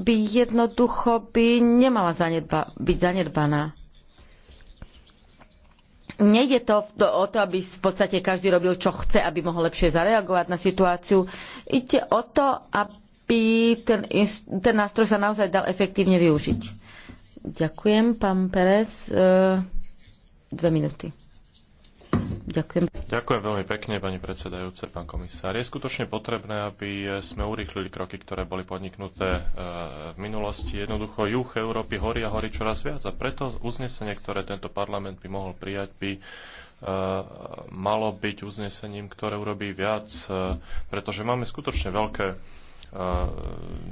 by jednoducho by nemala zanedba, byť zanedbaná. Nejde to o to, aby v podstate každý robil, čo chce, aby mohol lepšie zareagovať na situáciu. Ide o to, aby ten, ten nástroj sa naozaj dal efektívne využiť. Ďakujem, pán Perez. E, dve minúty. Ďakujem. Ďakujem veľmi pekne, pani predsedajúce, pán komisár. Je skutočne potrebné, aby sme urýchlili kroky, ktoré boli podniknuté e, v minulosti. Jednoducho juh Európy horí a horí čoraz viac a preto uznesenie, ktoré tento parlament by mohol prijať, by e, malo byť uznesením, ktoré urobí viac, e, pretože máme skutočne veľké E,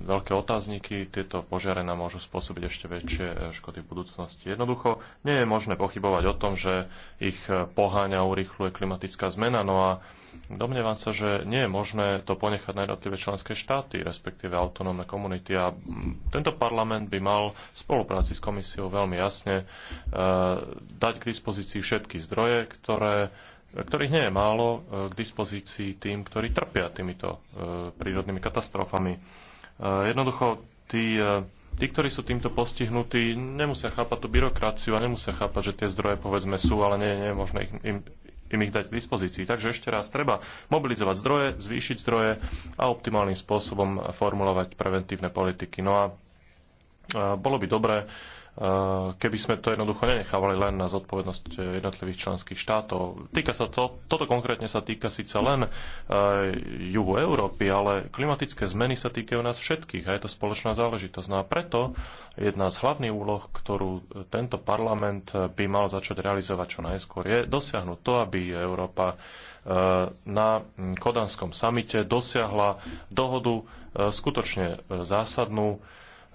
veľké otázniky. Tieto požiare nám môžu spôsobiť ešte väčšie e, škody v budúcnosti. Jednoducho nie je možné pochybovať o tom, že ich e, poháňa, urýchluje klimatická zmena. No a domnievam sa, že nie je možné to ponechať na jednotlivé členské štáty, respektíve autonómne komunity. A tento parlament by mal v spolupráci s komisiou veľmi jasne dať k dispozícii všetky zdroje, ktoré ktorých nie je málo e, k dispozícii tým, ktorí trpia týmito e, prírodnými katastrofami. E, jednoducho, tí, tí, ktorí sú týmto postihnutí, nemusia chápať tú byrokraciu a nemusia chápať, že tie zdroje, povedzme, sú, ale nie, nie je možné ich, im, im ich dať k dispozícii. Takže ešte raz, treba mobilizovať zdroje, zvýšiť zdroje a optimálnym spôsobom formulovať preventívne politiky. No a bolo by dobré, Eh, keby sme to jednoducho nenechávali len na zodpovednosť eh, jednotlivých členských štátov. Týka sa to, toto konkrétne sa týka síce len eh, juhu Európy, ale klimatické zmeny sa týkajú nás všetkých a je to spoločná záležitosť. No a preto jedna z hlavných úloh, ktorú tento parlament by mal začať realizovať čo najskôr, je dosiahnuť to, aby Európa na hm, Kodanskom samite dosiahla dohodu skutočne zásadnú,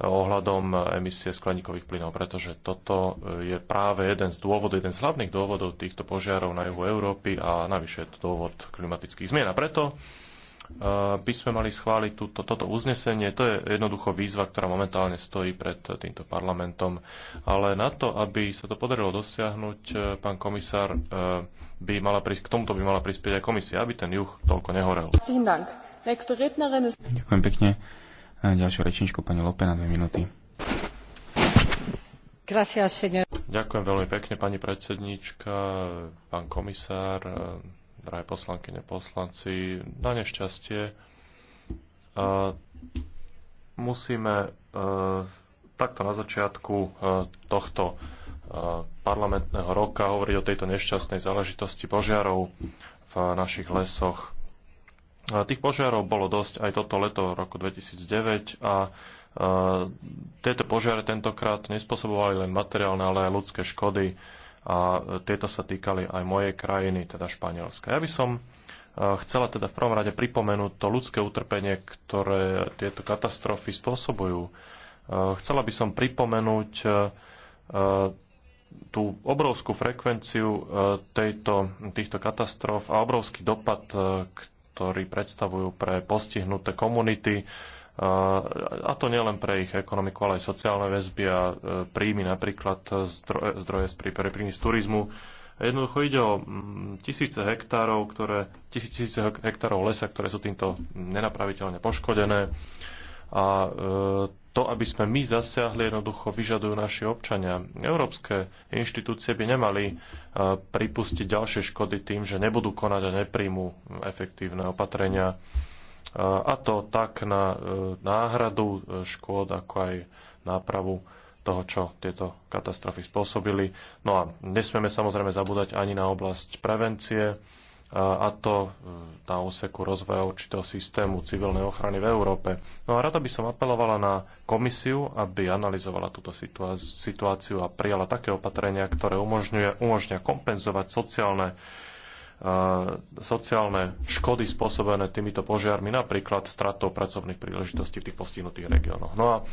ohľadom emisie skleníkových plynov, pretože toto e, je práve jeden z dôvodov, jeden z hlavných dôvodov týchto požiarov na juhu Európy a navyše je to dôvod klimatických zmien. A preto e, by sme mali schváliť túto, toto uznesenie. To je jednoducho výzva, ktorá momentálne stojí pred týmto parlamentom. Ale na to, aby sa to podarilo dosiahnuť, e, pán komisár, by mala prísť. k tomuto by mala prispieť aj komisia, aby ten juh toľko nehorel. Ďakujem pekne ďalšiu rečničku pani Lope na dve minúty. Ďakujem veľmi pekne, pani predsedníčka, pán komisár, drahé poslankyne, poslanci. Na nešťastie e, musíme e, takto na začiatku e, tohto parlamentného roka hovoriť o tejto nešťastnej záležitosti požiarov v našich lesoch Tých požiarov bolo dosť aj toto leto roku 2009 a tieto požiare tentokrát nespôsobovali len materiálne, ale aj ľudské škody a tieto sa týkali aj mojej krajiny, teda Španielska. Ja by som chcela teda v prvom rade pripomenúť to ľudské utrpenie, ktoré tieto katastrofy spôsobujú. Chcela by som pripomenúť tú obrovskú frekvenciu tejto, týchto katastrof a obrovský dopad, ktorí predstavujú pre postihnuté komunity, e, a to nielen pre ich ekonomiku, ale aj sociálne väzby a e, príjmy napríklad zdroje, z z príjmy z turizmu. Jednoducho ide o tisíce hektárov, ktoré, tisíce hektárov lesa, ktoré sú týmto nenapraviteľne poškodené a e, to, aby sme my zasiahli, jednoducho vyžadujú naši občania. Európske inštitúcie by nemali e, pripustiť ďalšie škody tým, že nebudú konať a nepríjmu efektívne opatrenia. E, a to tak na náhradu škôd, ako aj nápravu toho, čo tieto katastrofy spôsobili. No a nesmieme samozrejme zabúdať ani na oblasť prevencie a to e, na úseku rozvoja určitého systému civilnej ochrany v Európe. No a rada by som apelovala na komisiu, aby analyzovala túto situáciu a prijala také opatrenia, ktoré umožňuje, umožňa kompenzovať sociálne e, sociálne škody spôsobené týmito požiarmi, napríklad stratou pracovných príležitostí v tých postihnutých regiónoch. No a e,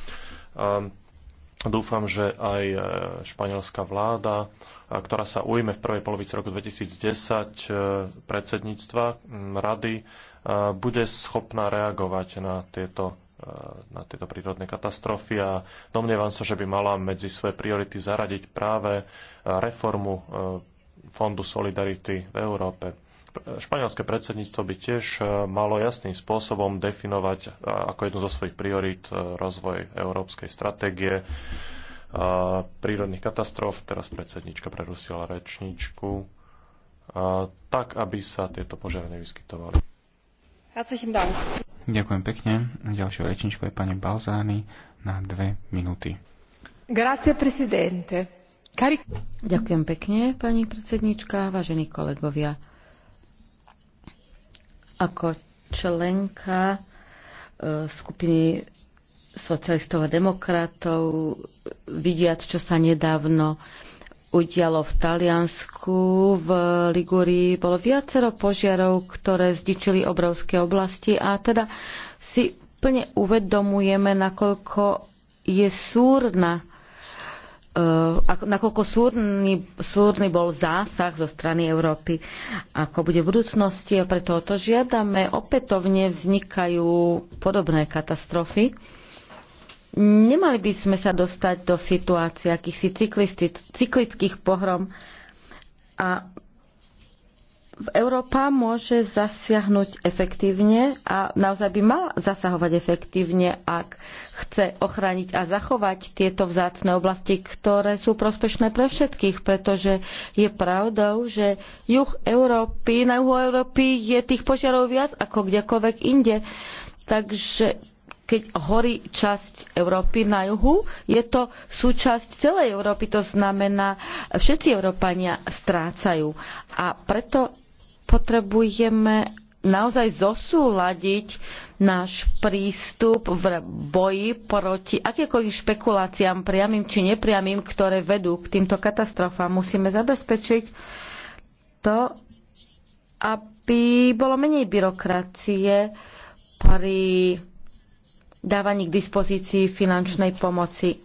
Dúfam, že aj e, španielská vláda, e, ktorá sa ujme v prvej polovici roku 2010 e, predsedníctva rady, bude schopná reagovať na tieto, na tieto prírodné katastrofy a domnievam sa, že by mala medzi svoje priority zaradiť práve reformu Fondu Solidarity v Európe španielské predsedníctvo by tiež e, malo jasným spôsobom definovať e, ako jednu zo svojich priorít e, rozvoj európskej stratégie prírodných katastrof, teraz predsednička prerusila rečníčku, tak, aby sa tieto požiare nevyskytovali. Ďakujem pekne. Ďalšou rečničkou je pani Balzány na dve minúty. Grazie, presidente. Kari... Ďakujem pekne, pani predsednička, vážení kolegovia. Ako členka e, skupiny socialistov a demokratov, vidiac, čo sa nedávno udialo v Taliansku, v Ligurii, bolo viacero požiarov, ktoré zničili obrovské oblasti a teda si plne uvedomujeme, nakoľko je súrna Eh, nakoľko súrny, súrny bol zásah zo strany Európy, ako bude v budúcnosti a preto to žiadame, opätovne vznikajú podobné katastrofy. Nemali by sme sa dostať do situácie akýchsi cyklických pohrom a Európa môže zasiahnuť efektívne a naozaj by mala zasahovať efektívne, ak chce ochrániť a zachovať tieto vzácne oblasti, ktoré sú prospešné pre všetkých, pretože je pravdou, že juh Európy, na juhu Európy je tých požiarov viac ako kdekoľvek inde. Takže keď horí časť Európy na juhu, je to súčasť celej Európy, to znamená, všetci Európania strácajú. A preto potrebujeme naozaj zosúľadiť náš prístup v boji proti akékoľvek špekuláciám, priamým či nepriamým, ktoré vedú k týmto katastrofám. Musíme zabezpečiť to, aby bolo menej byrokracie pri dávaní k dispozícii finančnej pomoci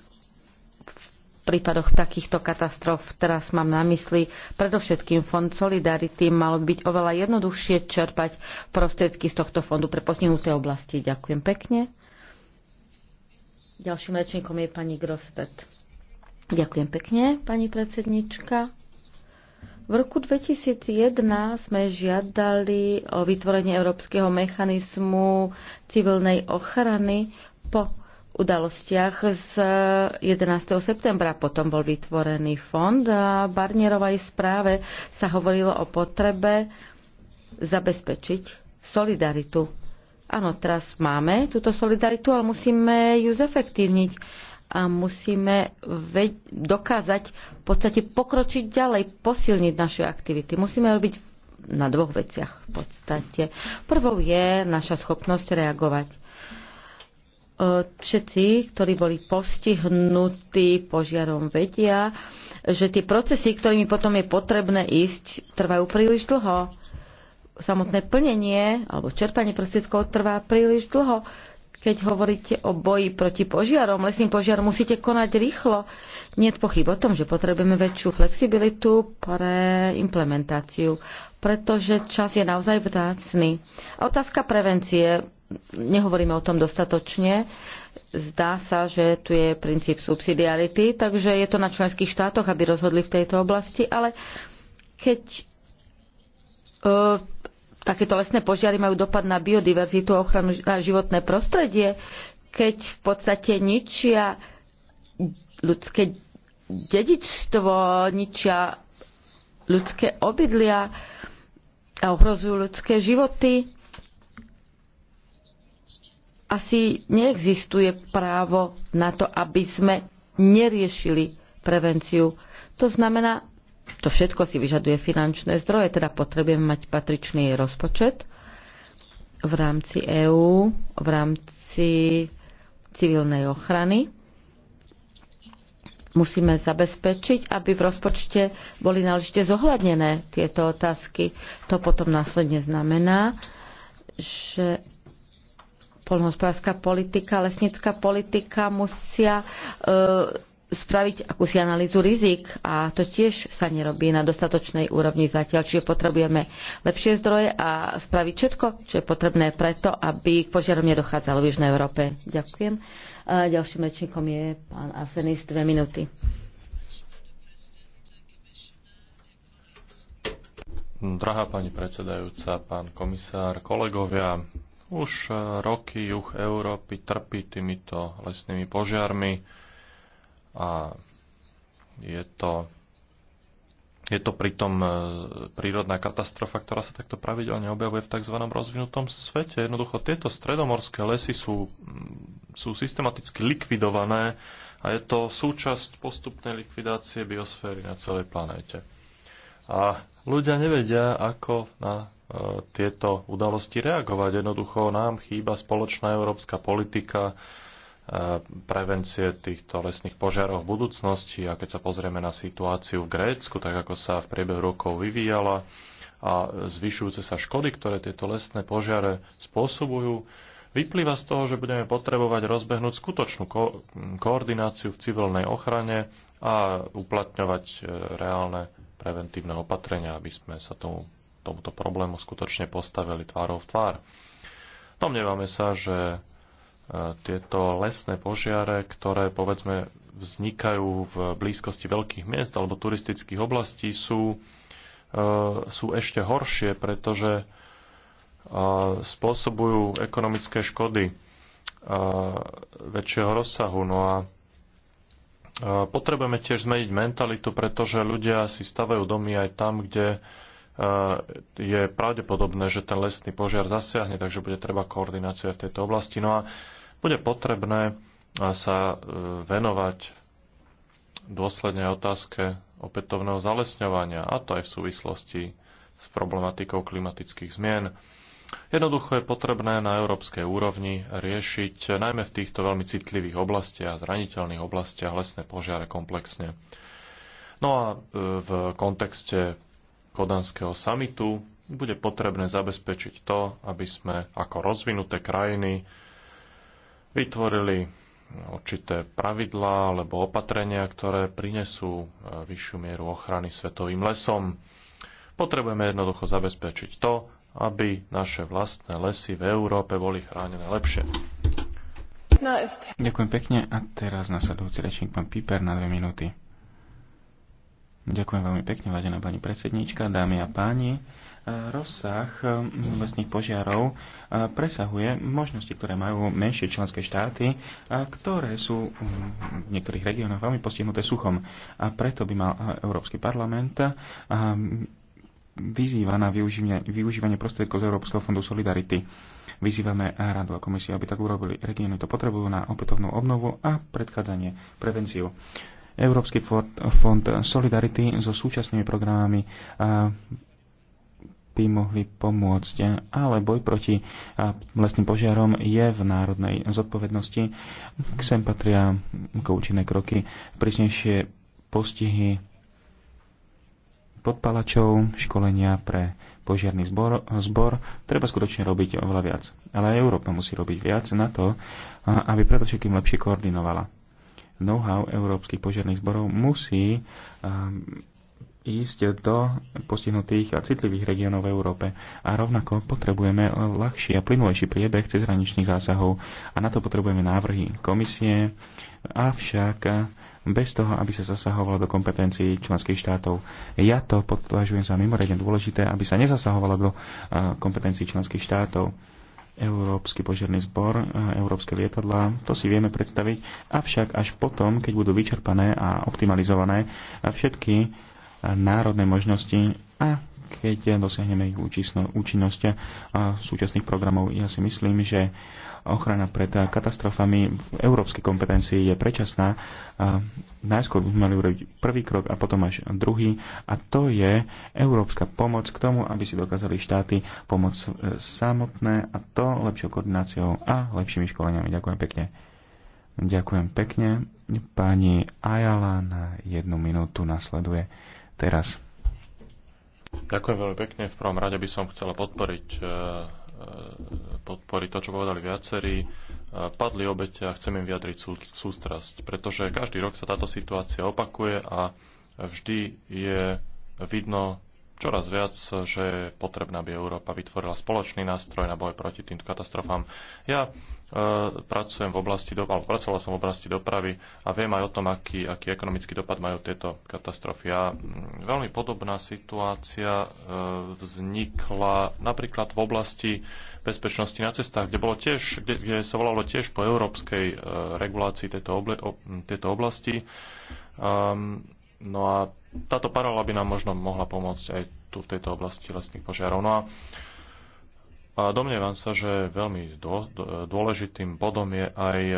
prípadoch takýchto katastrof teraz mám na mysli. Predovšetkým fond Solidarity mal byť oveľa jednoduchšie čerpať prostriedky z tohto fondu pre postihnuté oblasti. Ďakujem pekne. Ďalším rečníkom je pani Grostet. Ďakujem pekne, pani predsednička. V roku 2001 sme žiadali o vytvorenie Európskeho mechanizmu civilnej ochrany po udalostiach z 11. Eh, septembra. Potom bol vytvorený fond a v Barnierovej správe sa hovorilo o potrebe zabezpečiť solidaritu. Áno, teraz máme túto solidaritu, ale musíme ju zefektívniť a musíme dokázať v podstate pokročiť ďalej, posilniť naše aktivity. Musíme robiť na dvoch veciach v podstate. Prvou je naša schopnosť reagovať E, všetci, ktorí boli postihnutí požiarom, vedia, že tie procesy, ktorými potom je potrebné ísť, trvajú príliš dlho. Samotné plnenie alebo čerpanie prostriedkov trvá príliš dlho. Keď hovoríte o boji proti požiarom, lesným požiarom, musíte konať rýchlo. Nie je pochyb o tom, že potrebujeme väčšiu flexibilitu pre implementáciu, pretože čas je naozaj vzácný. A otázka prevencie nehovoríme o tom dostatočne. Zdá sa, že tu je princíp subsidiarity, takže je to na členských štátoch, aby rozhodli v tejto oblasti, ale keď uh, takéto lesné požiary majú dopad na biodiverzitu a ochranu na životné prostredie, keď v podstate ničia ľudské dedičstvo, ničia ľudské obydlia a ohrozujú ľudské životy, asi neexistuje právo na to, aby sme neriešili prevenciu. To znamená, to všetko si vyžaduje finančné zdroje, teda potrebujeme mať patričný rozpočet v rámci EÚ, v rámci civilnej ochrany. Musíme zabezpečiť, aby v rozpočte boli náležite zohľadnené tieto otázky. To potom následne znamená, že polnohospodárska politika, lesnická politika musia e, spraviť akúsi analýzu rizik a to tiež sa nerobí na dostatočnej úrovni zatiaľ, čiže potrebujeme lepšie zdroje a spraviť všetko, čo je potrebné preto, aby k požiarom nedochádzalo v Južnej Európe. Ďakujem. A ďalším rečníkom je pán Arsenis, dve minúty. Drahá pani predsedajúca, pán komisár, kolegovia, už e, roky juh Európy trpí týmito lesnými požiarmi a je to, je to pritom e, prírodná katastrofa, ktorá sa takto pravidelne objavuje v tzv. rozvinutom svete. Jednoducho tieto stredomorské lesy sú, mm, sú systematicky likvidované a je to súčasť postupnej likvidácie biosféry na celej planéte. A ľudia nevedia, ako na E, tieto udalosti reagovať. Jednoducho nám chýba spoločná európska politika e, prevencie týchto lesných požiarov v budúcnosti a keď sa pozrieme na situáciu v Grécku, tak ako sa v priebehu rokov vyvíjala a zvyšujúce sa škody, ktoré tieto lesné požiare spôsobujú, vyplýva z toho, že budeme potrebovať rozbehnúť skutočnú ko- koordináciu v civilnej ochrane a uplatňovať e, reálne preventívne opatrenia, aby sme sa tomu tomuto problému skutočne postavili tvárov v tvár. Domnievame sa, že e, tieto lesné požiare, ktoré povedzme vznikajú v blízkosti veľkých miest alebo turistických oblastí, sú, e, sú ešte horšie, pretože e, spôsobujú ekonomické škody väčšieho rozsahu. No a potrebujeme tiež zmeniť mentalitu, pretože ľudia si stavajú domy aj tam, kde Eh, je pravdepodobné, že ten lesný požiar zasiahne, takže bude treba koordinácia v tejto oblasti. No a bude potrebné eh, sa eh, venovať dôsledne otázke opätovného zalesňovania, a to aj v súvislosti s problematikou klimatických zmien. Jednoducho je potrebné na európskej úrovni riešiť najmä v týchto veľmi citlivých oblastiach, zraniteľných oblastiach lesné požiare komplexne. No a v kontexte kodanského samitu bude potrebné zabezpečiť to, aby sme ako rozvinuté krajiny vytvorili určité pravidlá alebo opatrenia, ktoré prinesú e, vyššiu mieru ochrany svetovým lesom. Potrebujeme jednoducho zabezpečiť to, aby naše vlastné lesy v Európe boli chránené lepšie. Ďakujem pekne a teraz nasledujúci rečník pán Piper na dve minúty. Ďakujem veľmi pekne, vážená pani predsedníčka, dámy a páni. E, rozsah lesných požiarov e, presahuje možnosti, ktoré majú menšie členské štáty, e, ktoré sú v niektorých regiónoch veľmi postihnuté suchom. A preto by mal Európsky parlament vyzýva na využívanie, využívanie prostriedkov z Európskeho fondu Solidarity. Vyzývame Radu a komisiu, aby tak urobili. Regióny to potrebujú na opätovnú obnovu a predchádzanie prevenciu. Európsky fond Solidarity so súčasnými programami by mohli pomôcť. Ale boj proti lesným požiarom je v národnej zodpovednosti. K sem patria koučinné kroky, prísnejšie postihy podpalačov, školenia pre požiarný zbor, zbor. Treba skutočne robiť oveľa viac. Ale aj Európa musí robiť viac na to, aby predovšetkým lepšie koordinovala know-how európskych požiarných zborov musí ehm, ísť do postihnutých a citlivých regiónov v Európe. A rovnako potrebujeme ľahší a plynulejší priebeh cez hraničných zásahov a na to potrebujeme návrhy komisie, avšak eh, bez toho, aby sa zasahovalo do kompetencií členských štátov. Ja to považujem za mimoriadne dôležité, aby sa nezasahovalo do eh, kompetencií členských štátov Európsky požiarný zbor, e, európske lietadlá, to si vieme predstaviť, avšak až potom, keď budú vyčerpané a optimalizované všetky e, národné možnosti a keď dosiahneme ich účinnosť a súčasných programov. Ja si myslím, že ochrana pred katastrofami v európskej kompetencii je prečasná. najskôr by sme mali urobiť prvý krok a potom až druhý. A to je európska pomoc k tomu, aby si dokázali štáty pomôcť e, samotné a to lepšou koordináciou a lepšími školeniami. Ďakujem pekne. Ďakujem pekne. Pani Ajala na jednu minútu nasleduje teraz. Ďakujem veľmi pekne. V prvom rade by som chcela podporiť e, e, podporiť to, čo povedali viacerí. E, padli obeť a chcem im vyjadriť sú, sústrasť, pretože každý rok sa táto situácia opakuje a vždy je vidno čoraz viac, že je potrebné, aby Európa vytvorila spoločný nástroj na boj proti týmto katastrofám. Ja e, pracujem v oblasti, do, alebo pracovala som v oblasti dopravy a viem aj o tom, aký, aký ekonomický dopad majú tieto katastrofy. A veľmi podobná situácia e, vznikla napríklad v oblasti bezpečnosti na cestách, kde, bolo tiež, kde, kde sa volalo tiež po európskej e, regulácii tejto, oble, o, tejto oblasti. Um, no a táto paralela by nám možno mohla pomôcť aj tu v tejto oblasti lesných požiarov. No a, a domnievam sa, že veľmi dôležitým bodom je aj e,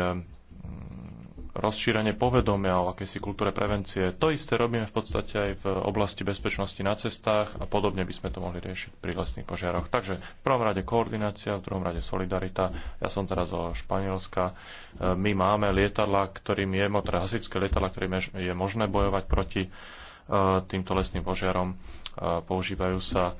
rozšírenie povedomia o akejsi kultúre prevencie. To isté robíme v podstate aj v oblasti bezpečnosti na cestách a podobne by sme to mohli riešiť pri lesných požiaroch. Takže v prvom rade koordinácia, v druhom rade solidarita. Ja som teraz zo Španielska. E, my máme lietadla, ktorým je, teda hasičské lietadla, ktorým je možné bojovať proti týmto lesným požiarom. Používajú sa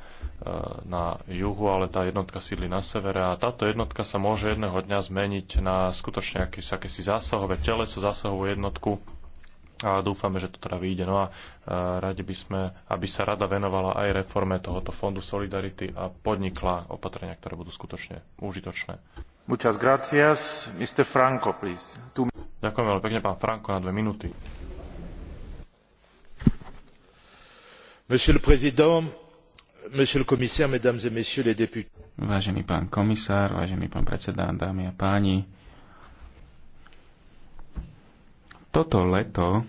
na juhu, ale tá jednotka sídli na severe a táto jednotka sa môže jedného dňa zmeniť na skutočne akési, akési zásahové teleso, zásahovú jednotku a dúfame, že to teda vyjde. No a radi by sme, aby sa rada venovala aj reforme tohoto fondu Solidarity a podnikla opatrenia, ktoré budú skutočne užitočné. Muchas gracias. Mr. Franco, please. Tu... Ďakujem veľmi pekne, pán Franko, na dve minúty. monsieur le président monsieur le commissaire mesdames et messieurs les députés Vážený pán komisár, vážený pán predseda, dámy a páni, toto leto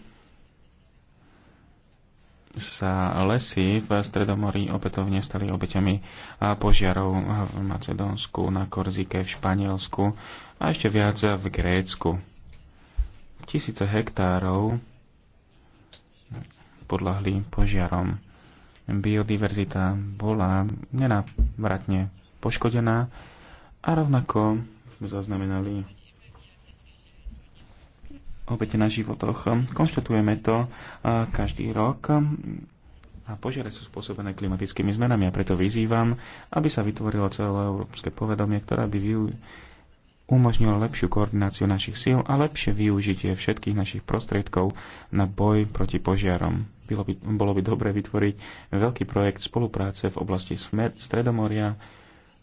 sa lesy v Stredomorí opätovne stali obeťami požiarov v Macedónsku, na Korzike, v Španielsku a ešte viac v Grécku. Tisíce hektárov podľahli požiarom biodiverzita bola nenávratne poškodená a rovnako sme zaznamenali obete na životoch. Konštatujeme to každý rok a požiare sú spôsobené klimatickými zmenami a preto vyzývam, aby sa vytvorilo celé európske povedomie, ktoré by umožnilo lepšiu koordináciu našich síl a lepšie využitie všetkých našich prostriedkov na boj proti požiarom. Bylo by, bolo by dobre vytvoriť veľký projekt spolupráce v oblasti Smer- Stredomoria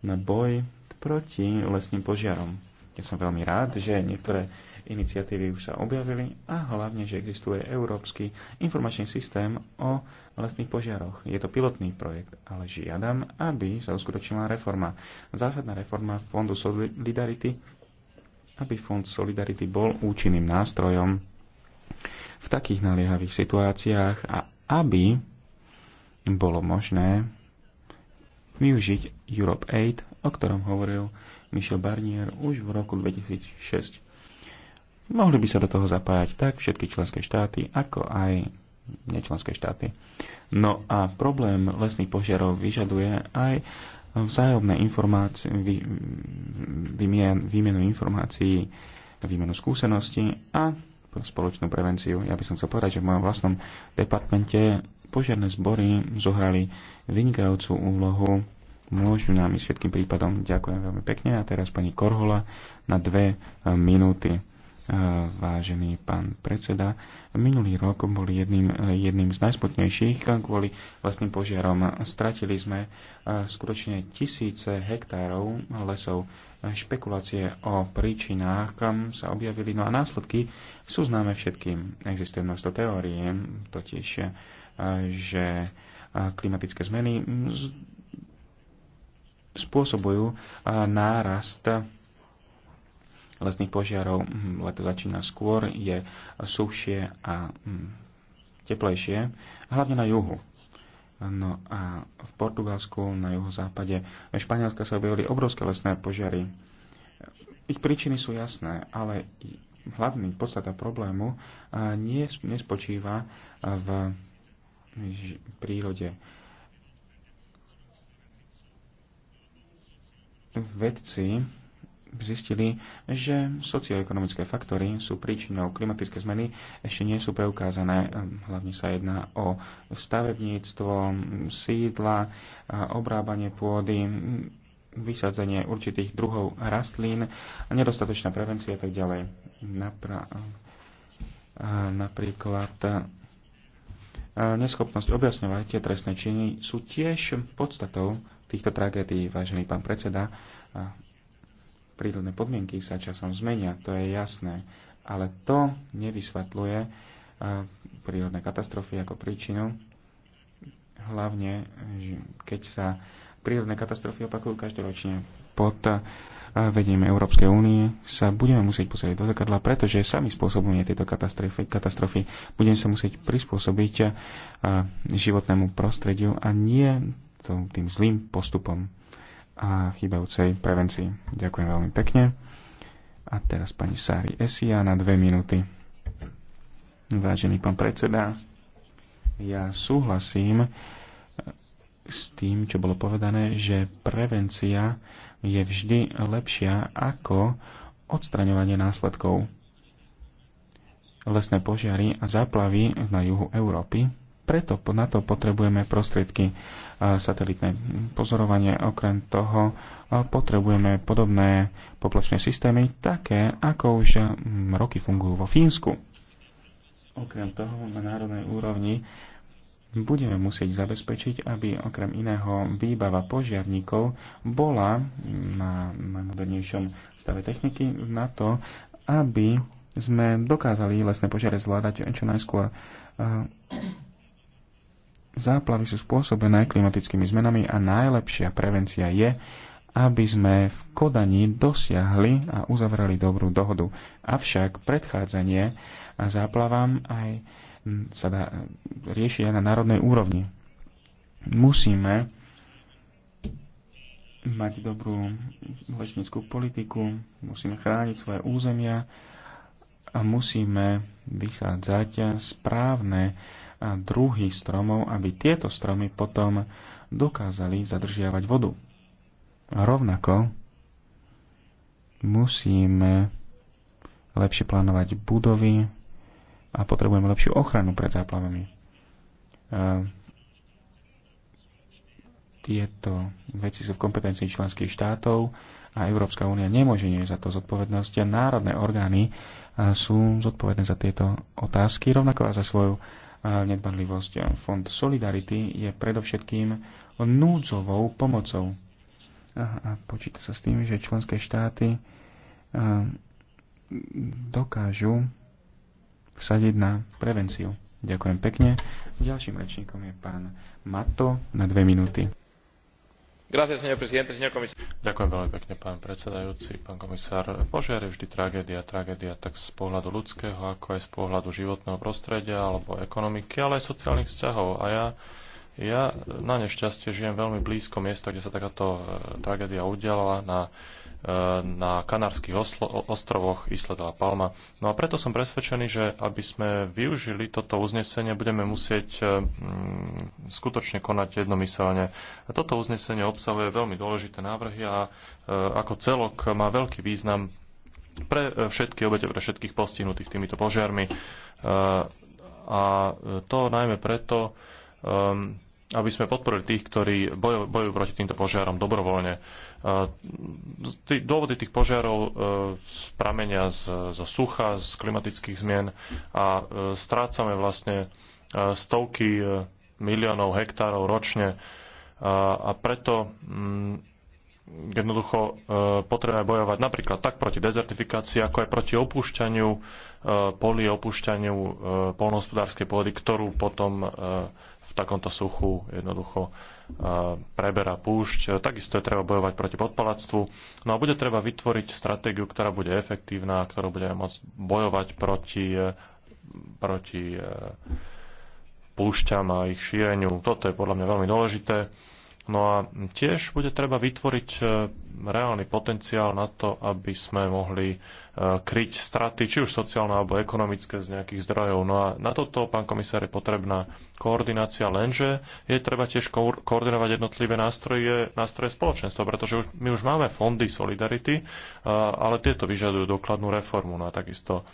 na boj proti lesným požiarom. Ja som veľmi rád, že niektoré iniciatívy už sa objavili a hlavne, že existuje Európsky informačný systém o lesných požiaroch. Je to pilotný projekt, ale žiadam, aby sa uskutočnila reforma. Zásadná reforma Fondu Solidarity, aby Fond Solidarity bol účinným nástrojom v takých naliehavých situáciách a aby bolo možné využiť Europe Aid, o ktorom hovoril Michel Barnier už v roku 2006. Mohli by sa do toho zapájať tak všetky členské štáty, ako aj nečlenské štáty. No a problém lesných požiarov vyžaduje aj vzájomné informácie, vy, vymien, výmenu informácií, výmenu skúseností a spoločnú prevenciu. Ja by som chcel povedať, že v mojom vlastnom departmente požiarne zbory zohrali vynikajúcu úlohu môžu nám ísť všetkým prípadom. Ďakujem veľmi pekne a teraz pani Korhola na dve minúty vážený pán predseda. Minulý rok bol jedným, jedným z najsputnejších kvôli vlastným požiarom. Stratili sme skutočne tisíce hektárov lesov. Špekulácie o príčinách, kam sa objavili, no a následky sú známe všetkým. Existuje množstvo teórií, totiž, že klimatické zmeny spôsobujú nárast lesných požiarov. Mm, leto začína skôr, je suchšie a mm, teplejšie, hlavne na juhu. No a v Portugalsku, na juhozápade Španielska sa objavili obrovské lesné požiary. Ich príčiny sú jasné, ale hlavný podstata problému nie, nespočíva v prírode. Vedci zistili, že socioekonomické faktory sú príčinou klimatické zmeny, ešte nie sú preukázané. Hlavne sa jedná o stavebníctvo, sídla, obrábanie pôdy, vysádzanie určitých druhov rastlín, nedostatočná prevencia a tak ďalej. Napra- napríklad e, neschopnosť objasňovať tie trestné činy sú tiež podstatou týchto tragédií, vážený pán predseda, prírodné podmienky sa časom zmenia, to je jasné, ale to nevysvetľuje eh, prírodné katastrofy ako príčinu, hlavne keď sa prírodné katastrofy opakujú každoročne pod eh, vedením Európskej únie sa budeme musieť pozrieť do zrkadla, pretože sami spôsobujeme tieto katastrofy, katastrofy. Budeme sa musieť prispôsobiť eh, životnému prostrediu a nie tým zlým postupom a chýbajúcej prevencii. Ďakujem veľmi pekne. A teraz pani Sári Esia na dve minúty. Vážený pán predseda, ja súhlasím eh, s tým, čo bolo povedané, že prevencia je vždy lepšia ako odstraňovanie následkov. Lesné požiary a záplavy na juhu Európy preto na to potrebujeme prostriedky e, satelitné pozorovanie. Okrem toho e, potrebujeme podobné poplačné systémy, také ako už e, roky fungujú vo Fínsku. Okrem toho na národnej úrovni budeme musieť zabezpečiť, aby okrem iného výbava požiarníkov bola na najmodernejšom stave techniky na to, aby sme dokázali lesné požiare zvládať čo najskôr Záplavy sú spôsobené klimatickými zmenami a najlepšia prevencia je, aby sme v Kodani dosiahli a uzavreli dobrú dohodu. Avšak predchádzanie záplavám aj sa dá riešiť aj na národnej úrovni. Musíme mať dobrú lesnickú politiku, musíme chrániť svoje územia a musíme vysádzať správne a druhy stromov, aby tieto stromy potom dokázali zadržiavať vodu. A rovnako musíme lepšie plánovať budovy a potrebujeme lepšiu ochranu pred záplavami. Tieto veci sú v kompetencii členských štátov a Európska únia nemôže nie za to zodpovednosť. a Národné orgány sú zodpovedné za tieto otázky, rovnako a za svoju nedbanlivosť. Eh, Fond Solidarity je predovšetkým núdzovou pomocou. A počíta sa s tým, že členské štáty eh, dokážu vsadiť na prevenciu. Ďakujem pekne. Ďalším rečníkom je pán Mato na dve minúty. Ďakujem veľmi pekne, pán predsedajúci, pán komisár. Požiar je vždy tragédia. Tragédia tak z pohľadu ľudského, ako aj z pohľadu životného prostredia alebo ekonomiky, ale aj sociálnych vzťahov. A ja, ja na nešťastie žijem veľmi blízko miesta, kde sa takáto eh, tragédia udiala na na Kanárskych ostrovoch Isla Palma. No a preto som presvedčený, že aby sme využili toto uznesenie, budeme musieť eh, mm, skutočne konať jednomyselne. Toto uznesenie obsahuje veľmi dôležité návrhy a eh, ako celok má veľký význam pre eh, všetky obete, pre všetkých postihnutých týmito požiarmi. A to najmä preto, ehm, aby sme podporili tých, ktorí bojujú, bojujú proti týmto požiarom dobrovoľne. E, tí dôvody tých požiarov e, pramenia zo sucha, z klimatických zmien a e, strácame vlastne stovky miliónov hektárov ročne a preto mm, jednoducho potrebujeme bojovať napríklad tak proti dezertifikácii, ako aj proti opúšťaniu polí, opúšťaniu polnohospodárskej pôdy, ktorú potom v takomto suchu jednoducho e, preberá púšť. Takisto je treba bojovať proti podpalactvu. No a bude treba vytvoriť stratégiu, ktorá bude efektívna, ktorá bude môcť bojovať proti, e, proti e, púšťam a ich šíreniu. Toto je podľa mňa veľmi dôležité. No a tiež bude treba vytvoriť e, reálny potenciál na to, aby sme mohli e, kryť straty, či už sociálne alebo ekonomické z nejakých zdrojov. No a na toto, pán komisár, je potrebná koordinácia, lenže je treba tiež ko- koordinovať jednotlivé nástroje, nástroje spoločenstva, pretože už, my už máme fondy Solidarity, e, ale tieto vyžadujú dokladnú reformu. No a takisto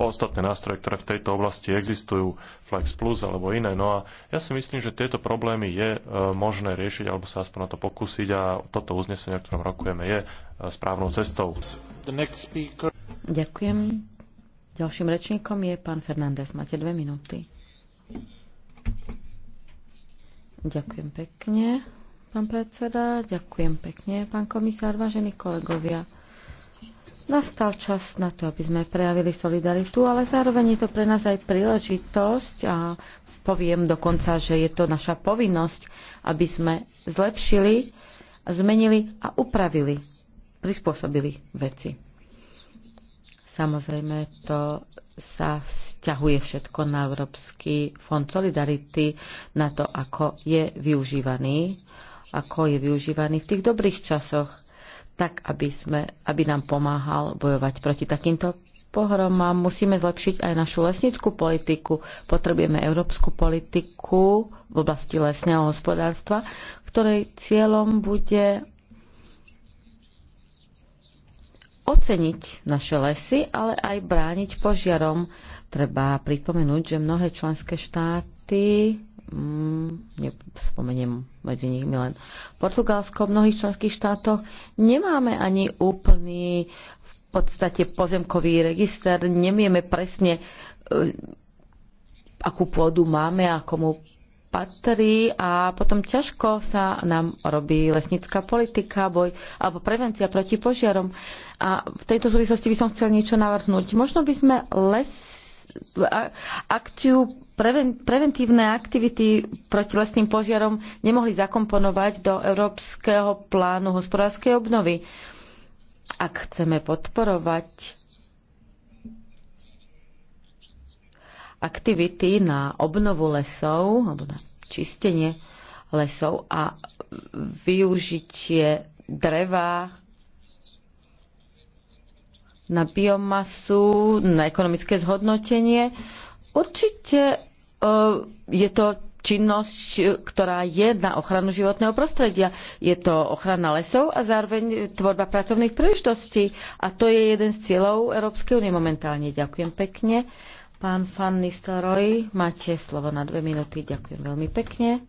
ostatné nástroje, ktoré v tejto oblasti existujú, Flex Plus alebo iné. No a ja si myslím, že tieto problémy je e, možné riešiť alebo sa aspoň na to pokúsiť a toto uznesenie, o ktorom rokujeme, je e, správnou cestou. Ďakujem. Ďalším rečníkom je pán Fernández. Máte dve minúty. Ďakujem pekne, pán predseda. Ďakujem pekne, pán komisár, vážení kolegovia. Nastal čas na to, aby sme prejavili solidaritu, ale zároveň je to pre nás aj príležitosť a poviem dokonca, že je to naša povinnosť, aby sme zlepšili, zmenili a upravili, prispôsobili veci. Samozrejme, to sa vzťahuje všetko na Európsky fond Solidarity, na to, ako je využívaný, ako je využívaný v tých dobrých časoch tak aby, sme, aby nám pomáhal bojovať proti takýmto pohromám. Musíme zlepšiť aj našu lesnickú politiku. Potrebujeme európsku politiku v oblasti lesného hospodárstva, ktorej cieľom bude oceniť naše lesy, ale aj brániť požiarom. Treba pripomenúť, že mnohé členské štáty mm, nespomeniem medzi nimi len Portugalsko, v mnohých členských štátoch nemáme ani úplný v podstate pozemkový register, nevieme presne, e, akú pôdu máme a komu patrí a potom ťažko sa nám robí lesnická politika, boj alebo prevencia proti požiarom. A v tejto súvislosti by som chcel niečo navrhnúť. Možno by sme les akciu preventívne aktivity proti lesným požiarom nemohli zakomponovať do Európskeho plánu hospodárskej obnovy. Ak chceme podporovať aktivity na obnovu lesov alebo na čistenie lesov a využitie dreva na biomasu, na ekonomické zhodnotenie Určite e, je to činnosť, ktorá je na ochranu životného prostredia. Je to ochrana lesov a zároveň tvorba pracovných príležitostí. A to je jeden z cieľov Európskej únie momentálne. Ďakujem pekne. Pán Fan Nistelrooy, máte slovo na dve minúty. Ďakujem veľmi pekne.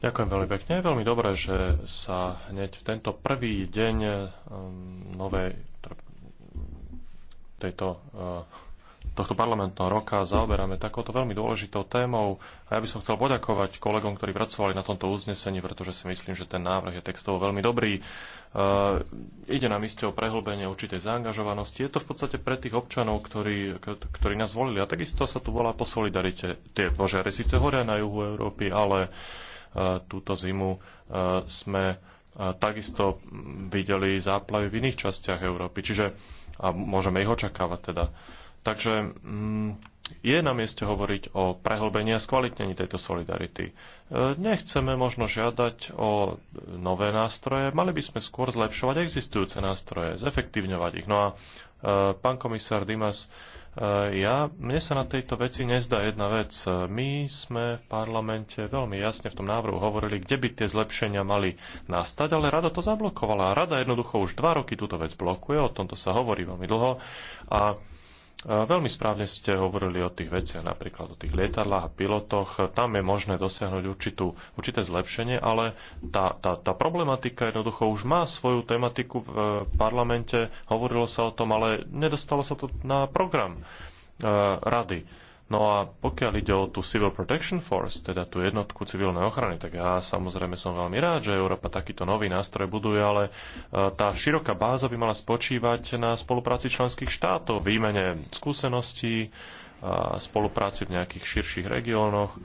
Ďakujem veľmi pekne. Je veľmi dobré, že sa hneď v tento prvý deň um, novej teda tejto uh, tohto parlamentného roka zaoberáme takouto veľmi dôležitou témou. A ja by som chcel poďakovať kolegom, ktorí pracovali na tomto uznesení, pretože si myslím, že ten návrh je textov veľmi dobrý. E, ide nám isté o prehlbenie určitej zaangažovanosti. Je to v podstate pre tých občanov, ktorí, ktorí nás volili. A takisto sa tu volá po solidarite. Tie požiare síce horia na juhu Európy, ale e, túto zimu e, sme e, takisto videli záplavy v iných častiach Európy. Čiže a môžeme ich očakávať teda. Takže mm, je na mieste hovoriť o prehlbení a skvalitnení tejto solidarity. E, nechceme možno žiadať o nové nástroje, mali by sme skôr zlepšovať existujúce nástroje, zefektívňovať ich. No a e, pán komisár Dimas, e, ja, mne sa na tejto veci nezdá jedna vec. My sme v parlamente veľmi jasne v tom návrhu hovorili, kde by tie zlepšenia mali nastať, ale rada to zablokovala. Rada jednoducho už dva roky túto vec blokuje, o tomto sa hovorí veľmi dlho. A Veľmi správne ste hovorili o tých veciach, napríklad o tých lietadlách a pilotoch. Tam je možné dosiahnuť určitú, určité zlepšenie, ale tá, tá, tá problematika jednoducho už má svoju tematiku v eh, parlamente. Hovorilo sa o tom, ale nedostalo sa to na program eh, rady No a pokiaľ ide o tú Civil Protection Force, teda tú jednotku civilnej ochrany, tak ja samozrejme som veľmi rád, že Európa takýto nový nástroj buduje, ale e, tá široká báza by mala spočívať na spolupráci členských štátov, výmene skúseností, e, spolupráci v nejakých širších regiónoch e,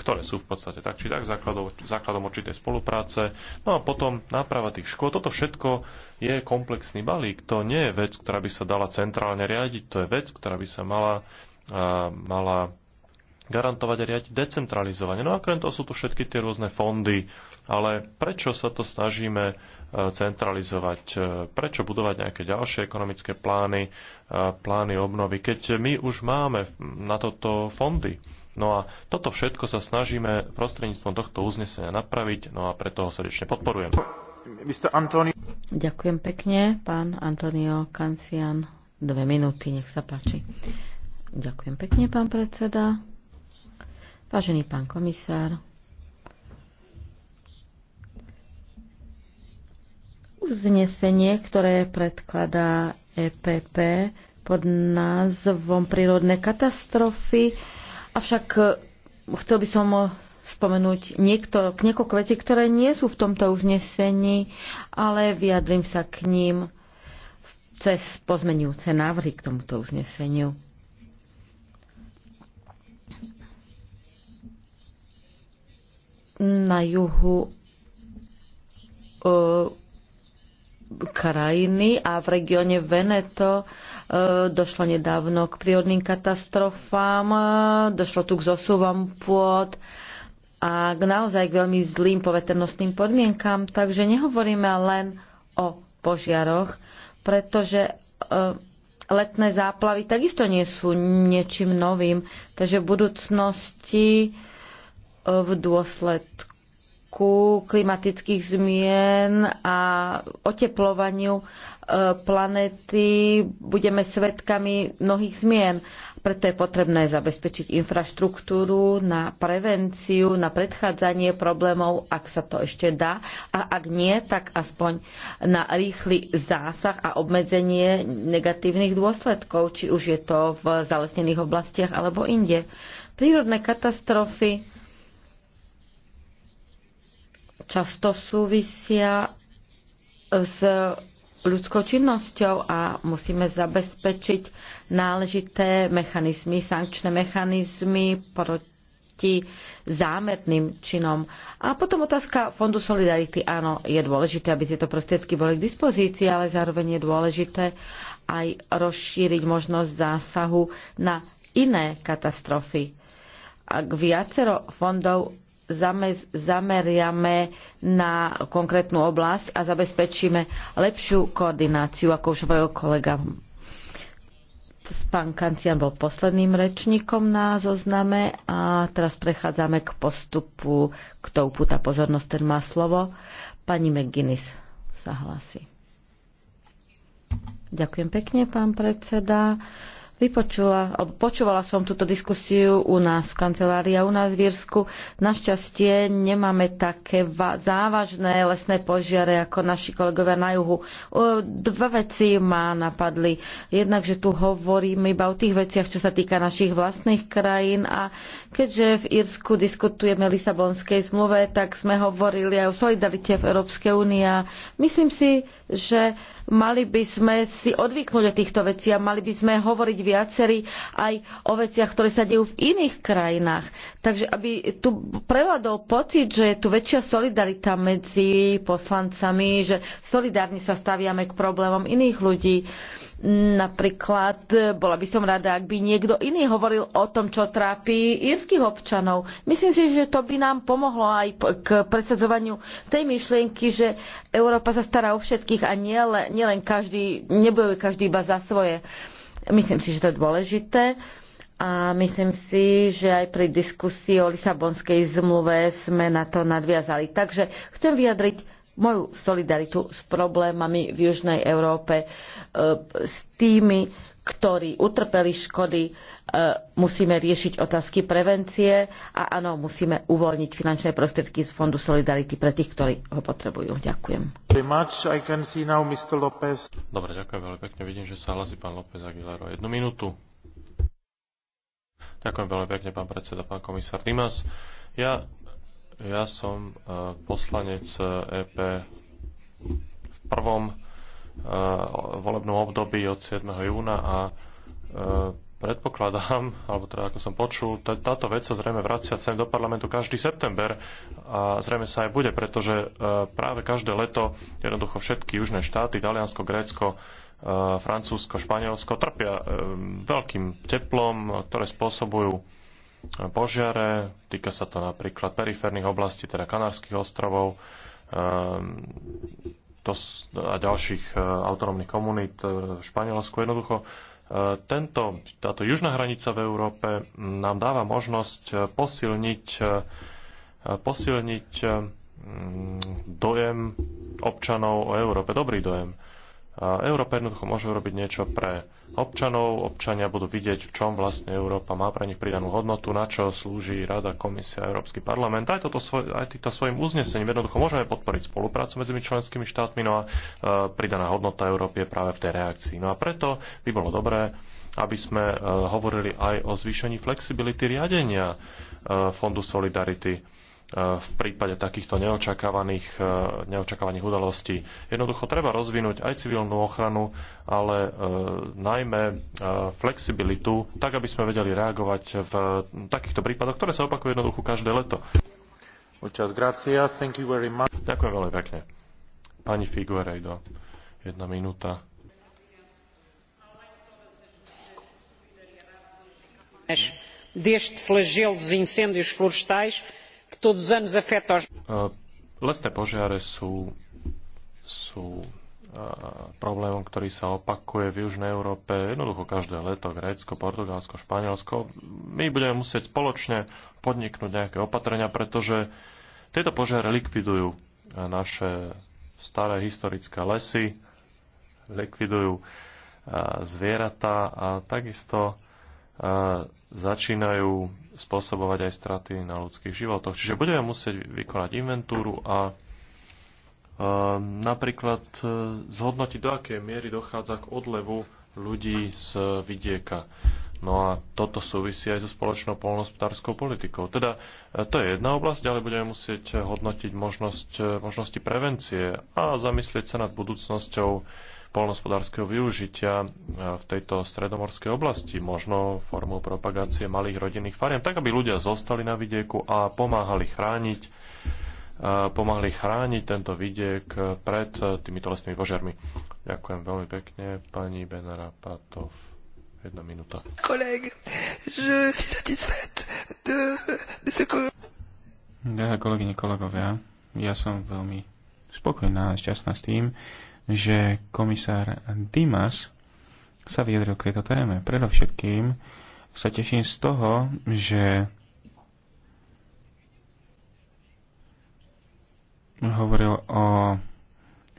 ktoré sú v podstate tak či tak základom, základom určitej spolupráce. No a potom náprava tých škôl. Toto všetko je komplexný balík. To nie je vec, ktorá by sa dala centrálne riadiť. To je vec, ktorá by sa mala mala garantovať a riadiť decentralizovanie. No a okrem toho sú tu všetky tie rôzne fondy, ale prečo sa to snažíme e, centralizovať? E, prečo budovať nejaké ďalšie ekonomické plány, e, plány obnovy, keď my už máme na toto fondy? No a toto všetko sa snažíme prostredníctvom tohto uznesenia napraviť, no a preto ho srdečne podporujem. Ďakujem pekne, pán Antonio Kancian. Dve minúty, nech sa páči. Ďakujem pekne, pán predseda. Vážený pán komisár, uznesenie, ktoré predkladá EPP pod názvom Prírodné katastrofy, avšak eh, chcel by som spomenúť niekto, niekoľko vecí, ktoré nie sú v tomto uznesení, ale vyjadrím sa k ním cez pozmenujúce návrhy k tomuto uzneseniu. na juhu e, krajiny a v regióne Veneto e, došlo nedávno k prírodným katastrofám, e, došlo tu k zosuvom pôd a k naozaj k veľmi zlým poveternostným podmienkám, Takže nehovoríme len o požiaroch, pretože letné záplavy takisto nie sú niečím novým. Takže v budúcnosti v dôsledku klimatických zmien a oteplovaniu e, planéty budeme svedkami mnohých zmien. Preto je potrebné zabezpečiť infraštruktúru na prevenciu, na predchádzanie problémov, ak sa to ešte dá. A ak nie, tak aspoň na rýchly zásah a obmedzenie negatívnych dôsledkov, či už je to v zalesnených oblastiach alebo inde. Prírodné katastrofy často súvisia s ľudskou činnosťou a musíme zabezpečiť náležité mechanizmy, sankčné mechanizmy proti zámerným činom. A potom otázka Fondu Solidarity. Áno, je dôležité, aby tieto prostriedky boli k dispozícii, ale zároveň je dôležité aj rozšíriť možnosť zásahu na iné katastrofy. Ak viacero fondov zameriame na konkrétnu oblasť a zabezpečíme lepšiu koordináciu, ako už hovoril kolega. Pán Kancian bol posledným rečníkom na zozname a teraz prechádzame k postupu, kto upúta pozornosť, ten má slovo. Pani McGuinness sa hlási. Ďakujem pekne, pán predseda. Vypočula, počúvala som túto diskusiu u nás v kancelárii a u nás v Írsku. Našťastie nemáme také závažné lesné požiare ako naši kolegovia na juhu. Dve veci ma napadli. Jednak, že tu hovoríme iba o tých veciach, čo sa týka našich vlastných krajín a keďže v Írsku diskutujeme o Lisabonskej zmluve, tak sme hovorili aj o solidarite v Európskej únii a myslím si, že Mali by sme si odvyknúť od týchto vecí a mali by sme hovoriť viacerí aj o veciach, ktoré sa dejú v iných krajinách. Takže aby tu prevládol pocit, že je tu väčšia solidarita medzi poslancami, že solidárne sa staviame k problémom iných ľudí. Napríklad bola by som rada, ak by niekto iný hovoril o tom, čo trápi írskych občanov. Myslím si, že to by nám pomohlo aj k presadzovaniu tej myšlienky, že Európa sa stará o všetkých a nielen nie každý, nebojuje každý iba za svoje. Myslím si, že to je dôležité. A myslím si, že aj pri diskusii o Lisabonskej zmluve sme na to nadviazali. Takže chcem vyjadriť moju solidaritu s problémami v Južnej Európe, e, s tými, ktorí utrpeli škody, e, musíme riešiť otázky prevencie a áno, musíme uvoľniť finančné prostriedky z Fondu Solidarity pre tých, ktorí ho potrebujú. Ďakujem. Dobre, ďakujem veľmi pekne. Vidím, že sa hlasí pán López Aguilar o jednu minútu. Ďakujem veľmi pekne, pán predseda, pán komisár Dimas. Ja ja som e, poslanec EP e v prvom e, volebnom období od 7. júna a predpokladám, alebo teda ako som počul, táto vec sa zrejme vracia sem do parlamentu každý september a zrejme sa aj bude, pretože práve každé leto jednoducho všetky južné štáty, Taliansko, Grécko, Francúzsko, Španielsko trpia veľkým teplom, ktoré spôsobujú požiare. Týka sa to napríklad periférnych oblastí, teda Kanárskych ostrovov ehm, a ďalších e, autonómnych komunít e, v Španielsku. Jednoducho e, tento, táto južná hranica v Európe nám dáva možnosť posilniť, posilniť dojem občanov o Európe, dobrý dojem. Európa jednoducho môže urobiť niečo pre občanov. Občania budú vidieť, v čom vlastne Európa má pre nich pridanú hodnotu, na čo slúži Rada, Komisia, Európsky parlament. Aj, toto svoj, aj týmto svojim uznesením jednoducho môžeme podporiť spoluprácu medzi členskými štátmi, no a e, pridaná hodnota Európy je práve v tej reakcii. No a preto by bolo dobré, aby sme e, hovorili aj o zvýšení flexibility riadenia e, Fondu Solidarity E, v prípade takýchto neočakávaných, e, neočakávaných udalostí. Jednoducho treba rozvinúť aj civilnú ochranu, ale e, najmä e, flexibilitu, tak aby sme vedeli reagovať v takýchto prípadoch, ktoré sa opakujú jednoducho každé leto. Ďakujem veľmi pekne. Pani Figueiredo, jedna minúta. Deste flagelo dos incêndios florestais Lesné požiare sú, sú problémom, ktorý sa opakuje v Južnej Európe, jednoducho každé leto, Grécko, Portugalsko, Španielsko. My budeme musieť spoločne podniknúť nejaké opatrenia, pretože tieto požiare likvidujú naše staré historické lesy, likvidujú zvieratá a takisto začínajú spôsobovať aj straty na ľudských životoch. Čiže budeme musieť vykonať inventúru a napríklad e, zhodnotiť, do akej miery dochádza k odlevu ľudí z vidieka. No a toto súvisí aj so spoločnou polnospodárskou politikou. Teda e, to je jedna oblasť, ale budeme musieť hodnotiť možnosť, e, možnosti prevencie a zamyslieť sa nad budúcnosťou polnospodárskeho využitia e, v tejto stredomorskej oblasti, možno formou propagácie malých rodinných fariem, tak aby ľudia zostali na vidieku a pomáhali chrániť e, pomáhali chrániť tento vidiek pred e, týmito lesnými požiarmi. Ďakujem veľmi pekne, pani Benara Patov. Jedna minúta. Koleg, de, de ce que... kolegyne, kolegovia, ja som veľmi spokojná a šťastná s tým, že komisár Dimas sa vyjadril k tejto téme. Predovšetkým sa teším z toho, že hovoril o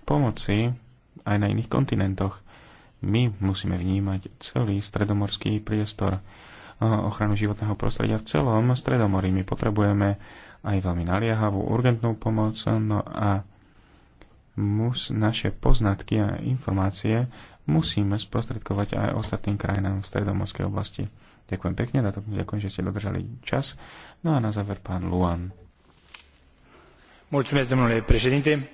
pomoci aj na iných kontinentoch. My musíme vnímať celý stredomorský priestor eh, ochranu životného prostredia v celom stredomorí. My potrebujeme aj veľmi naliehavú, urgentnú pomoc, no a mus, naše poznatky a informácie musíme sprostredkovať aj ostatným krajinám v stredomorskej oblasti. Ďakujem pekne, na to ďakujem, že ste dodržali čas. No a na záver pán Luan. Mulțumesc, domnule președinte.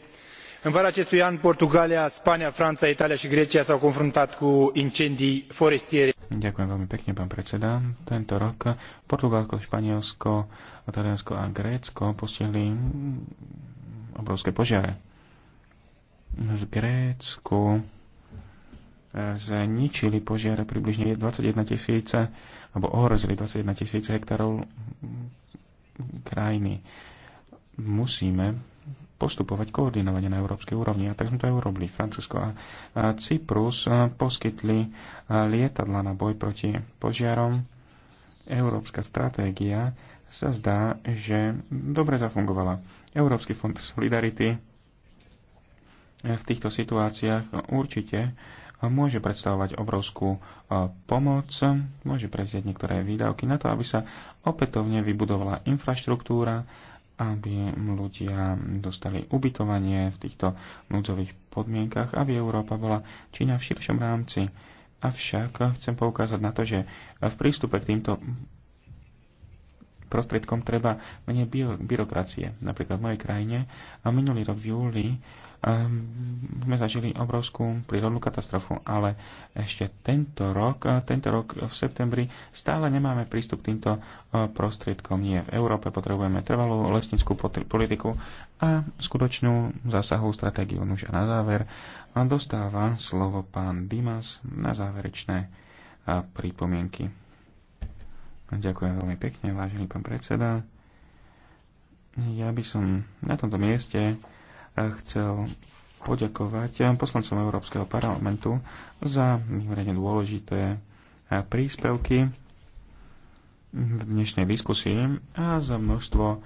În vara acestui an, Portugalia, Spania, Franța, Italia și Grecia s-au confruntat cu incendii forestiere. Ďakujem veľmi pekne, pán predseda. Tento rok Portugalsko, Španielsko, Taliansko a Grécko postihli obrovské požiare v Grécku e, zničili požiare približne 21 tisíce, alebo ohrozili 21 tisíce hektárov krajiny. Musíme postupovať koordinovane na európskej úrovni. A tak sme to aj urobili. Francúzsko a Cyprus e, poskytli e, lietadla na boj proti požiarom. Európska stratégia sa zdá, že dobre zafungovala. Európsky fond Solidarity Eh, v týchto situáciách určite eh, môže predstavovať obrovskú eh, pomoc, môže prevziať niektoré výdavky na to, aby sa opätovne vybudovala infraštruktúra, aby ľudia dostali ubytovanie v týchto núdzových podmienkach, aby Európa bola Čína v širšom rámci. Avšak chcem poukázať na to, že v prístupe k týmto prostriedkom treba menej byrokracie. Napríklad v mojej krajine a minulý rok v júli Ehm, sme zažili obrovskú prírodnú katastrofu, ale ešte tento rok, e, tento rok v septembri stále nemáme prístup k týmto e, prostriedkom. Nie v Európe potrebujeme trvalú lesnickú politiku a skutočnú zásahovú stratégiu. Nuž a na záver e, dostáva slovo pán Dimas na záverečné pripomienky. Ďakujem veľmi pekne, vážený pán predseda. Ja by som na tomto mieste chcel poďakovať poslancom Európskeho parlamentu za mimoriadne dôležité príspevky v dnešnej diskusii a za množstvo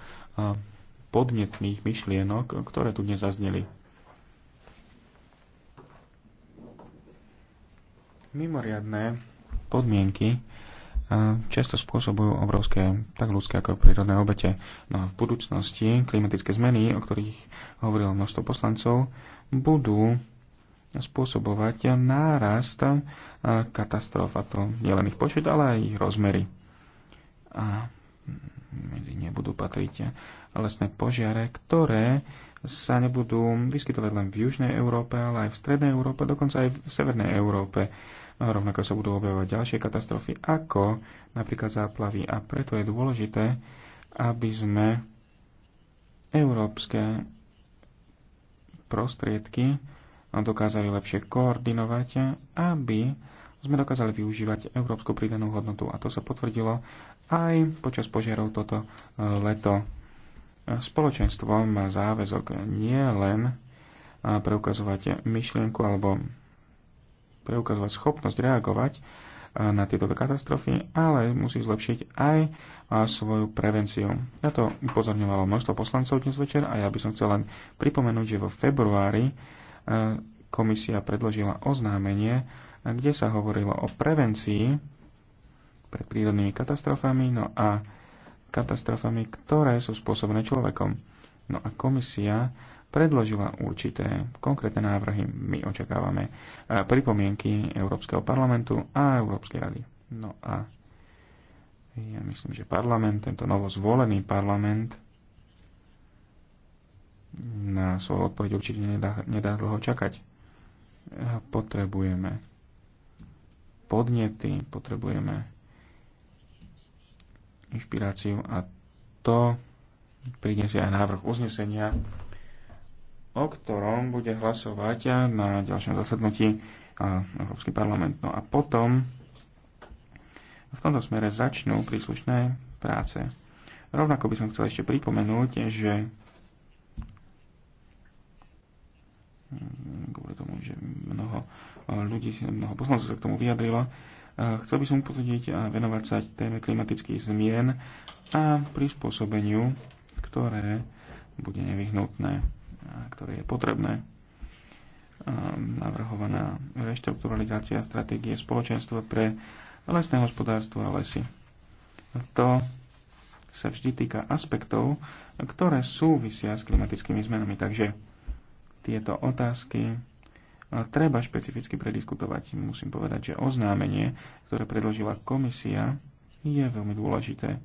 podnetných myšlienok, ktoré tu dnes zazneli. Mimoriadné podmienky často spôsobujú obrovské, tak ľudské ako prírodné obete. No a v budúcnosti klimatické zmeny, o ktorých hovorilo množstvo poslancov, budú spôsobovať nárast katastrof, a to nielen ich počet, ale aj ich rozmery. A medzi ne budú patriť lesné požiare, ktoré sa nebudú vyskytovať len v južnej Európe, ale aj v strednej Európe, dokonca aj v severnej Európe rovnako sa budú objavovať ďalšie katastrofy, ako napríklad záplavy. A preto je dôležité, aby sme európske prostriedky dokázali lepšie koordinovať, aby sme dokázali využívať európsku pridanú hodnotu. A to sa potvrdilo aj počas požiarov toto e, leto. Spoločenstvo má záväzok nie len e, preukazovať myšlienku alebo preukazovať schopnosť reagovať na tieto katastrofy, ale musí zlepšiť aj svoju prevenciu. Na to upozorňovalo množstvo poslancov dnes večer a ja by som chcel len pripomenúť, že vo februári komisia predložila oznámenie, kde sa hovorilo o prevencii pred prírodnými katastrofami, no a katastrofami, ktoré sú spôsobené človekom. No a komisia predložila určité konkrétne návrhy. My očakávame e, pripomienky Európskeho parlamentu a Európskej rady. No a ja myslím, že parlament, tento novozvolený parlament na svoju odpoveď určite nedá, nedá dlho čakať. Potrebujeme podnety, potrebujeme inšpiráciu a to prinesie aj návrh uznesenia o ktorom bude hlasovať na ďalšom zasadnutí Európsky parlament. No a potom v tomto smere začnú príslušné práce. Rovnako by som chcel ešte pripomenúť, že mm, kvôli tomu, že mnoho ľudí, mnoho poslancov sa k tomu vyjadrilo, chcel by som upozorniť a venovať sa téme klimatických zmien a prispôsobeniu, ktoré bude nevyhnutné ktoré je potrebné. Ehm, navrhovaná reštrukturalizácia stratégie spoločenstva pre lesné hospodárstvo a lesy. To sa vždy týka aspektov, ktoré súvisia s klimatickými zmenami. Takže tieto otázky treba špecificky prediskutovať. Musím povedať, že oznámenie, ktoré predložila komisia, je veľmi dôležité.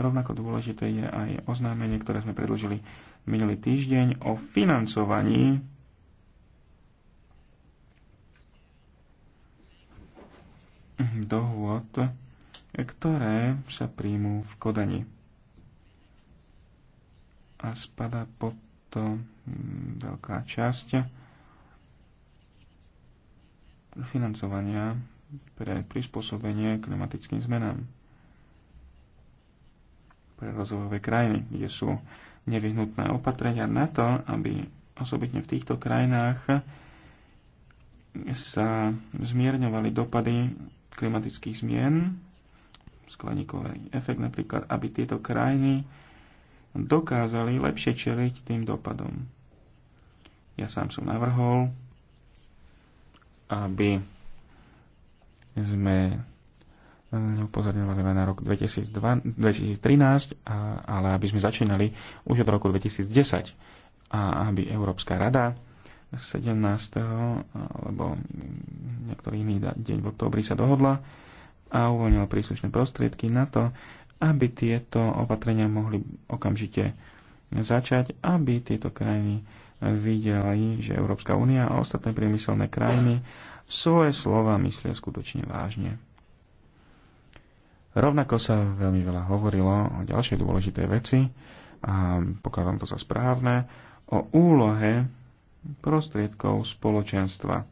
Rovnako dôležité je aj oznámenie, ktoré sme predložili minulý týždeň o financovaní dohôd, ktoré sa príjmú v Kodani. A spada pod to mm, veľká časť financovania pre prispôsobenie klimatickým zmenám pre rozvojové krajiny, kde sú nevyhnutné opatrenia na to, aby osobitne v týchto krajinách sa zmierňovali dopady klimatických zmien, skleníkový efekt napríklad, aby tieto krajiny dokázali lepšie čeliť tým dopadom. Ja sám som navrhol, aby sme upozorňovali len na rok 2012, 2013, ale aby sme začínali už od roku 2010 a aby Európska rada 17. alebo niektorý iný deň v októbri sa dohodla a uvoľnila príslušné prostriedky na to, aby tieto opatrenia mohli okamžite začať, aby tieto krajiny videli, že Európska únia a ostatné priemyselné krajiny svoje slova myslia skutočne vážne. Rovnako sa veľmi veľa hovorilo o ďalšej dôležitej veci a pokladám to za správne, o úlohe prostriedkov spoločenstva.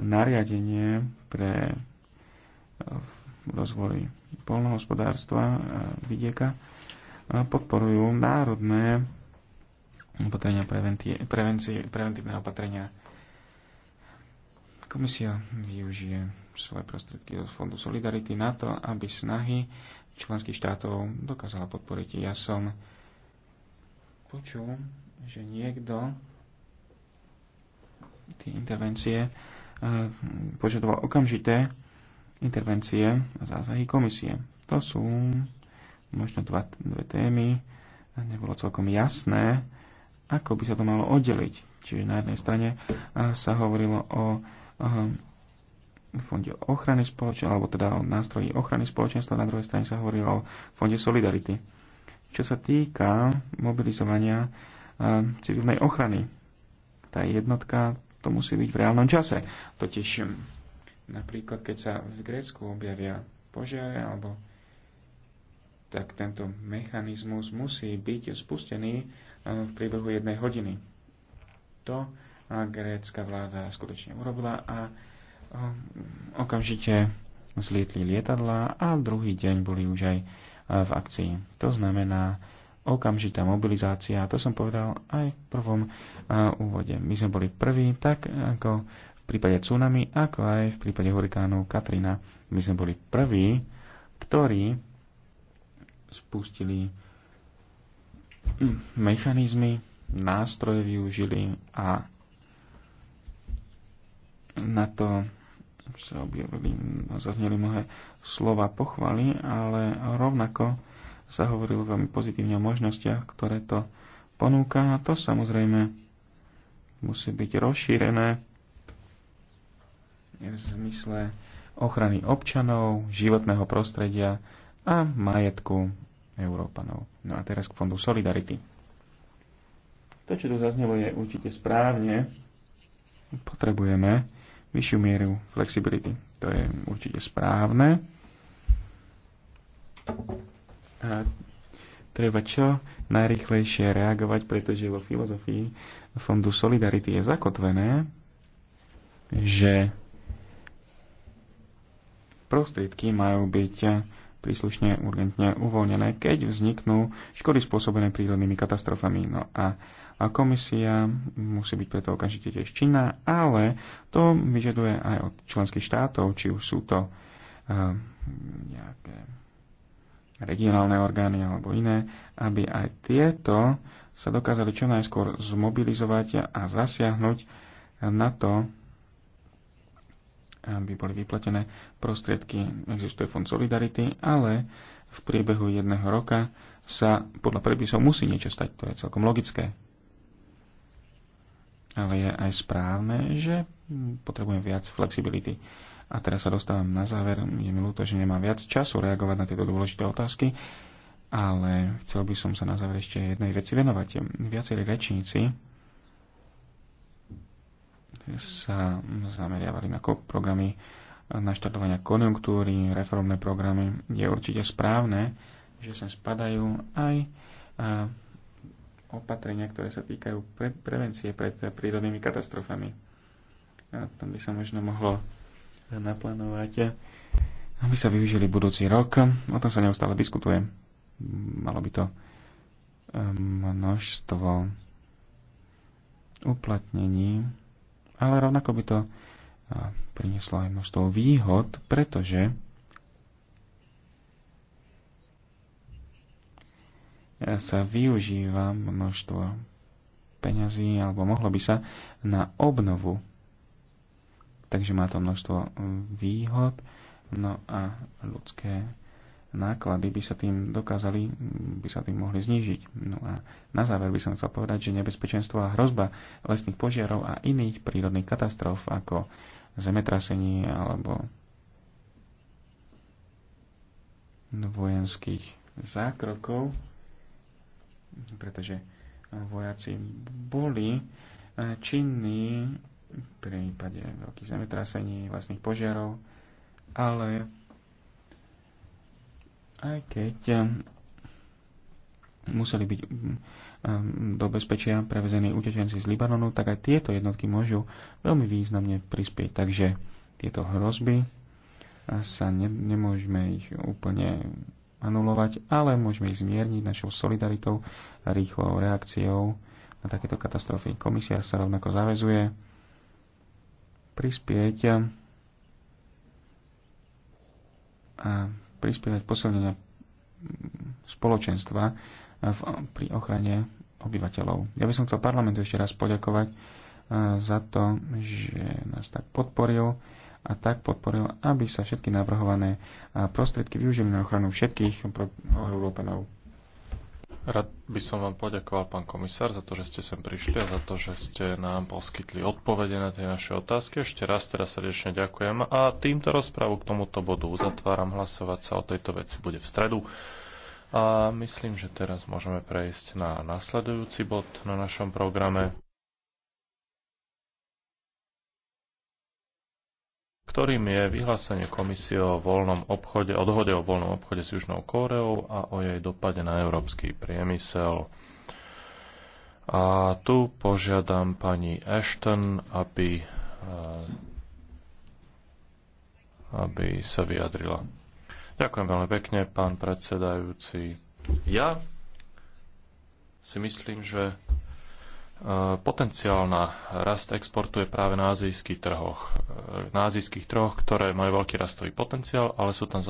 Nariadenie pre e, rozvoj polnohospodárstva a vidieka e, podporujú národné opatrenia prevencie, preventívne opatrenia. Komisia využije svoje prostriedky z Fondu Solidarity na to, aby snahy členských štátov dokázala podporiť. Ja som počul, že niekto tie intervencie eh, požadoval okamžité intervencie a zásahy komisie. To sú možno dva, dve témy. Nebolo celkom jasné, ako by sa to malo oddeliť. Čiže na jednej strane eh, sa hovorilo o eh, fonde ochrany spoločenstva, alebo teda o nástroji ochrany spoločenstva, na druhej strane sa hovorilo o fonde Solidarity. Čo sa týka mobilizovania e, civilnej ochrany, tá jednotka to musí byť v reálnom čase. Totiž hm, napríklad, keď sa v Grécku objavia požiare, alebo tak tento mechanizmus musí byť spustený eh, v priebehu jednej hodiny. To eh, grécka vláda skutočne urobila a okamžite zlietli lietadlá a druhý deň boli už aj e, v akcii. To znamená okamžitá mobilizácia, to som povedal aj v prvom e, úvode. My sme boli prví, tak ako v prípade tsunami, ako aj v prípade hurikánu Katrina. My sme boli prví, ktorí spustili hm, mechanizmy, nástroje využili a na to sa objavili, zazneli mnohé slova pochvaly, ale rovnako sa hovorilo veľmi pozitívne o možnostiach, ktoré to ponúka a to samozrejme musí byť rozšírené v zmysle ochrany občanov, životného prostredia a majetku Európanov. No a teraz k Fondu Solidarity. To, čo tu zaznelo, je určite správne. Potrebujeme vyššiu mieru flexibility. To je určite správne. A treba čo najrychlejšie reagovať, pretože vo filozofii Fondu Solidarity je zakotvené, že prostriedky majú byť príslušne urgentne uvoľnené, keď vzniknú škody spôsobené prírodnými katastrofami. No a a komisia musí byť preto okamžite tiež činná, ale to vyžaduje aj od členských štátov, či už sú to ehm, nejaké regionálne orgány alebo iné, aby aj tieto sa dokázali čo najskôr zmobilizovať a zasiahnuť na to, aby boli vyplatené prostriedky. Existuje fond Solidarity, ale v priebehu jedného roka sa podľa predpisov musí niečo stať. To je celkom logické ale je aj správne, že potrebujem viac flexibility. A teraz sa dostávam na záver. Je mi ľúto, že nemám viac času reagovať na tieto dôležité otázky, ale chcel by som sa na záver ešte jednej veci venovať. Viacerí rečníci sa zameriavali na programy naštartovania konjunktúry, reformné programy. Je určite správne, že sem spadajú aj opatrenia, ktoré sa týkajú pre, prevencie pred prírodnými katastrofami. A tam by sa možno mohlo naplánovať, aby sa využili budúci rok. O tom sa neustále diskutuje. Malo by to ehm, množstvo uplatnení, ale rovnako by to prinieslo aj množstvo výhod, pretože sa využíva množstvo peňazí, alebo mohlo by sa, na obnovu. Takže má to množstvo výhod, no a ľudské náklady by sa tým dokázali, by sa tým mohli znížiť. No a na záver by som chcel povedať, že nebezpečenstvo a hrozba lesných požiarov a iných prírodných katastrof ako zemetrasenie alebo vojenských zákrokov pretože vojaci boli eh, činní v prípade veľkých zemetrasení, vlastných požiarov, ale aj keď eh, museli byť mm, eh, do bezpečia prevezení utečenci z Libanonu, tak aj tieto jednotky môžu veľmi významne prispieť. Takže tieto hrozby sa ne, nemôžeme ich úplne anulovať, ale môžeme ich zmierniť našou solidaritou a rýchlou reakciou na takéto katastrofy. Komisia sa rovnako zavezuje prispieť a prispievať posilnenia spoločenstva v, pri ochrane obyvateľov. Ja by som chcel parlamentu ešte raz poďakovať eh, za to, že nás tak podporil a tak podporil, aby sa všetky navrhované prostriedky využili na ochranu všetkých Európanov. Rád by som vám poďakoval, pán komisár, za to, že ste sem prišli a za to, že ste nám poskytli odpovede na tie naše otázky. Ešte raz teda srdečne ďakujem a týmto rozprávu k tomuto bodu uzatváram. Hlasovať sa o tejto veci bude v stredu. A myslím, že teraz môžeme prejsť na nasledujúci bod na našom programe. ktorým je vyhlásenie komisie o voľnom obchode, o dohode o voľnom obchode s Južnou Kóreou a o jej dopade na európsky priemysel. A tu požiadam pani Ashton, aby, eh, aby sa vyjadrila. Ďakujem veľmi pekne, pán predsedajúci. Ja si myslím, že E, potenciál na rast exportu je práve na azijských trhoch. E, na azijských trhoch, ktoré majú veľký rastový potenciál, ale sú tam zároveň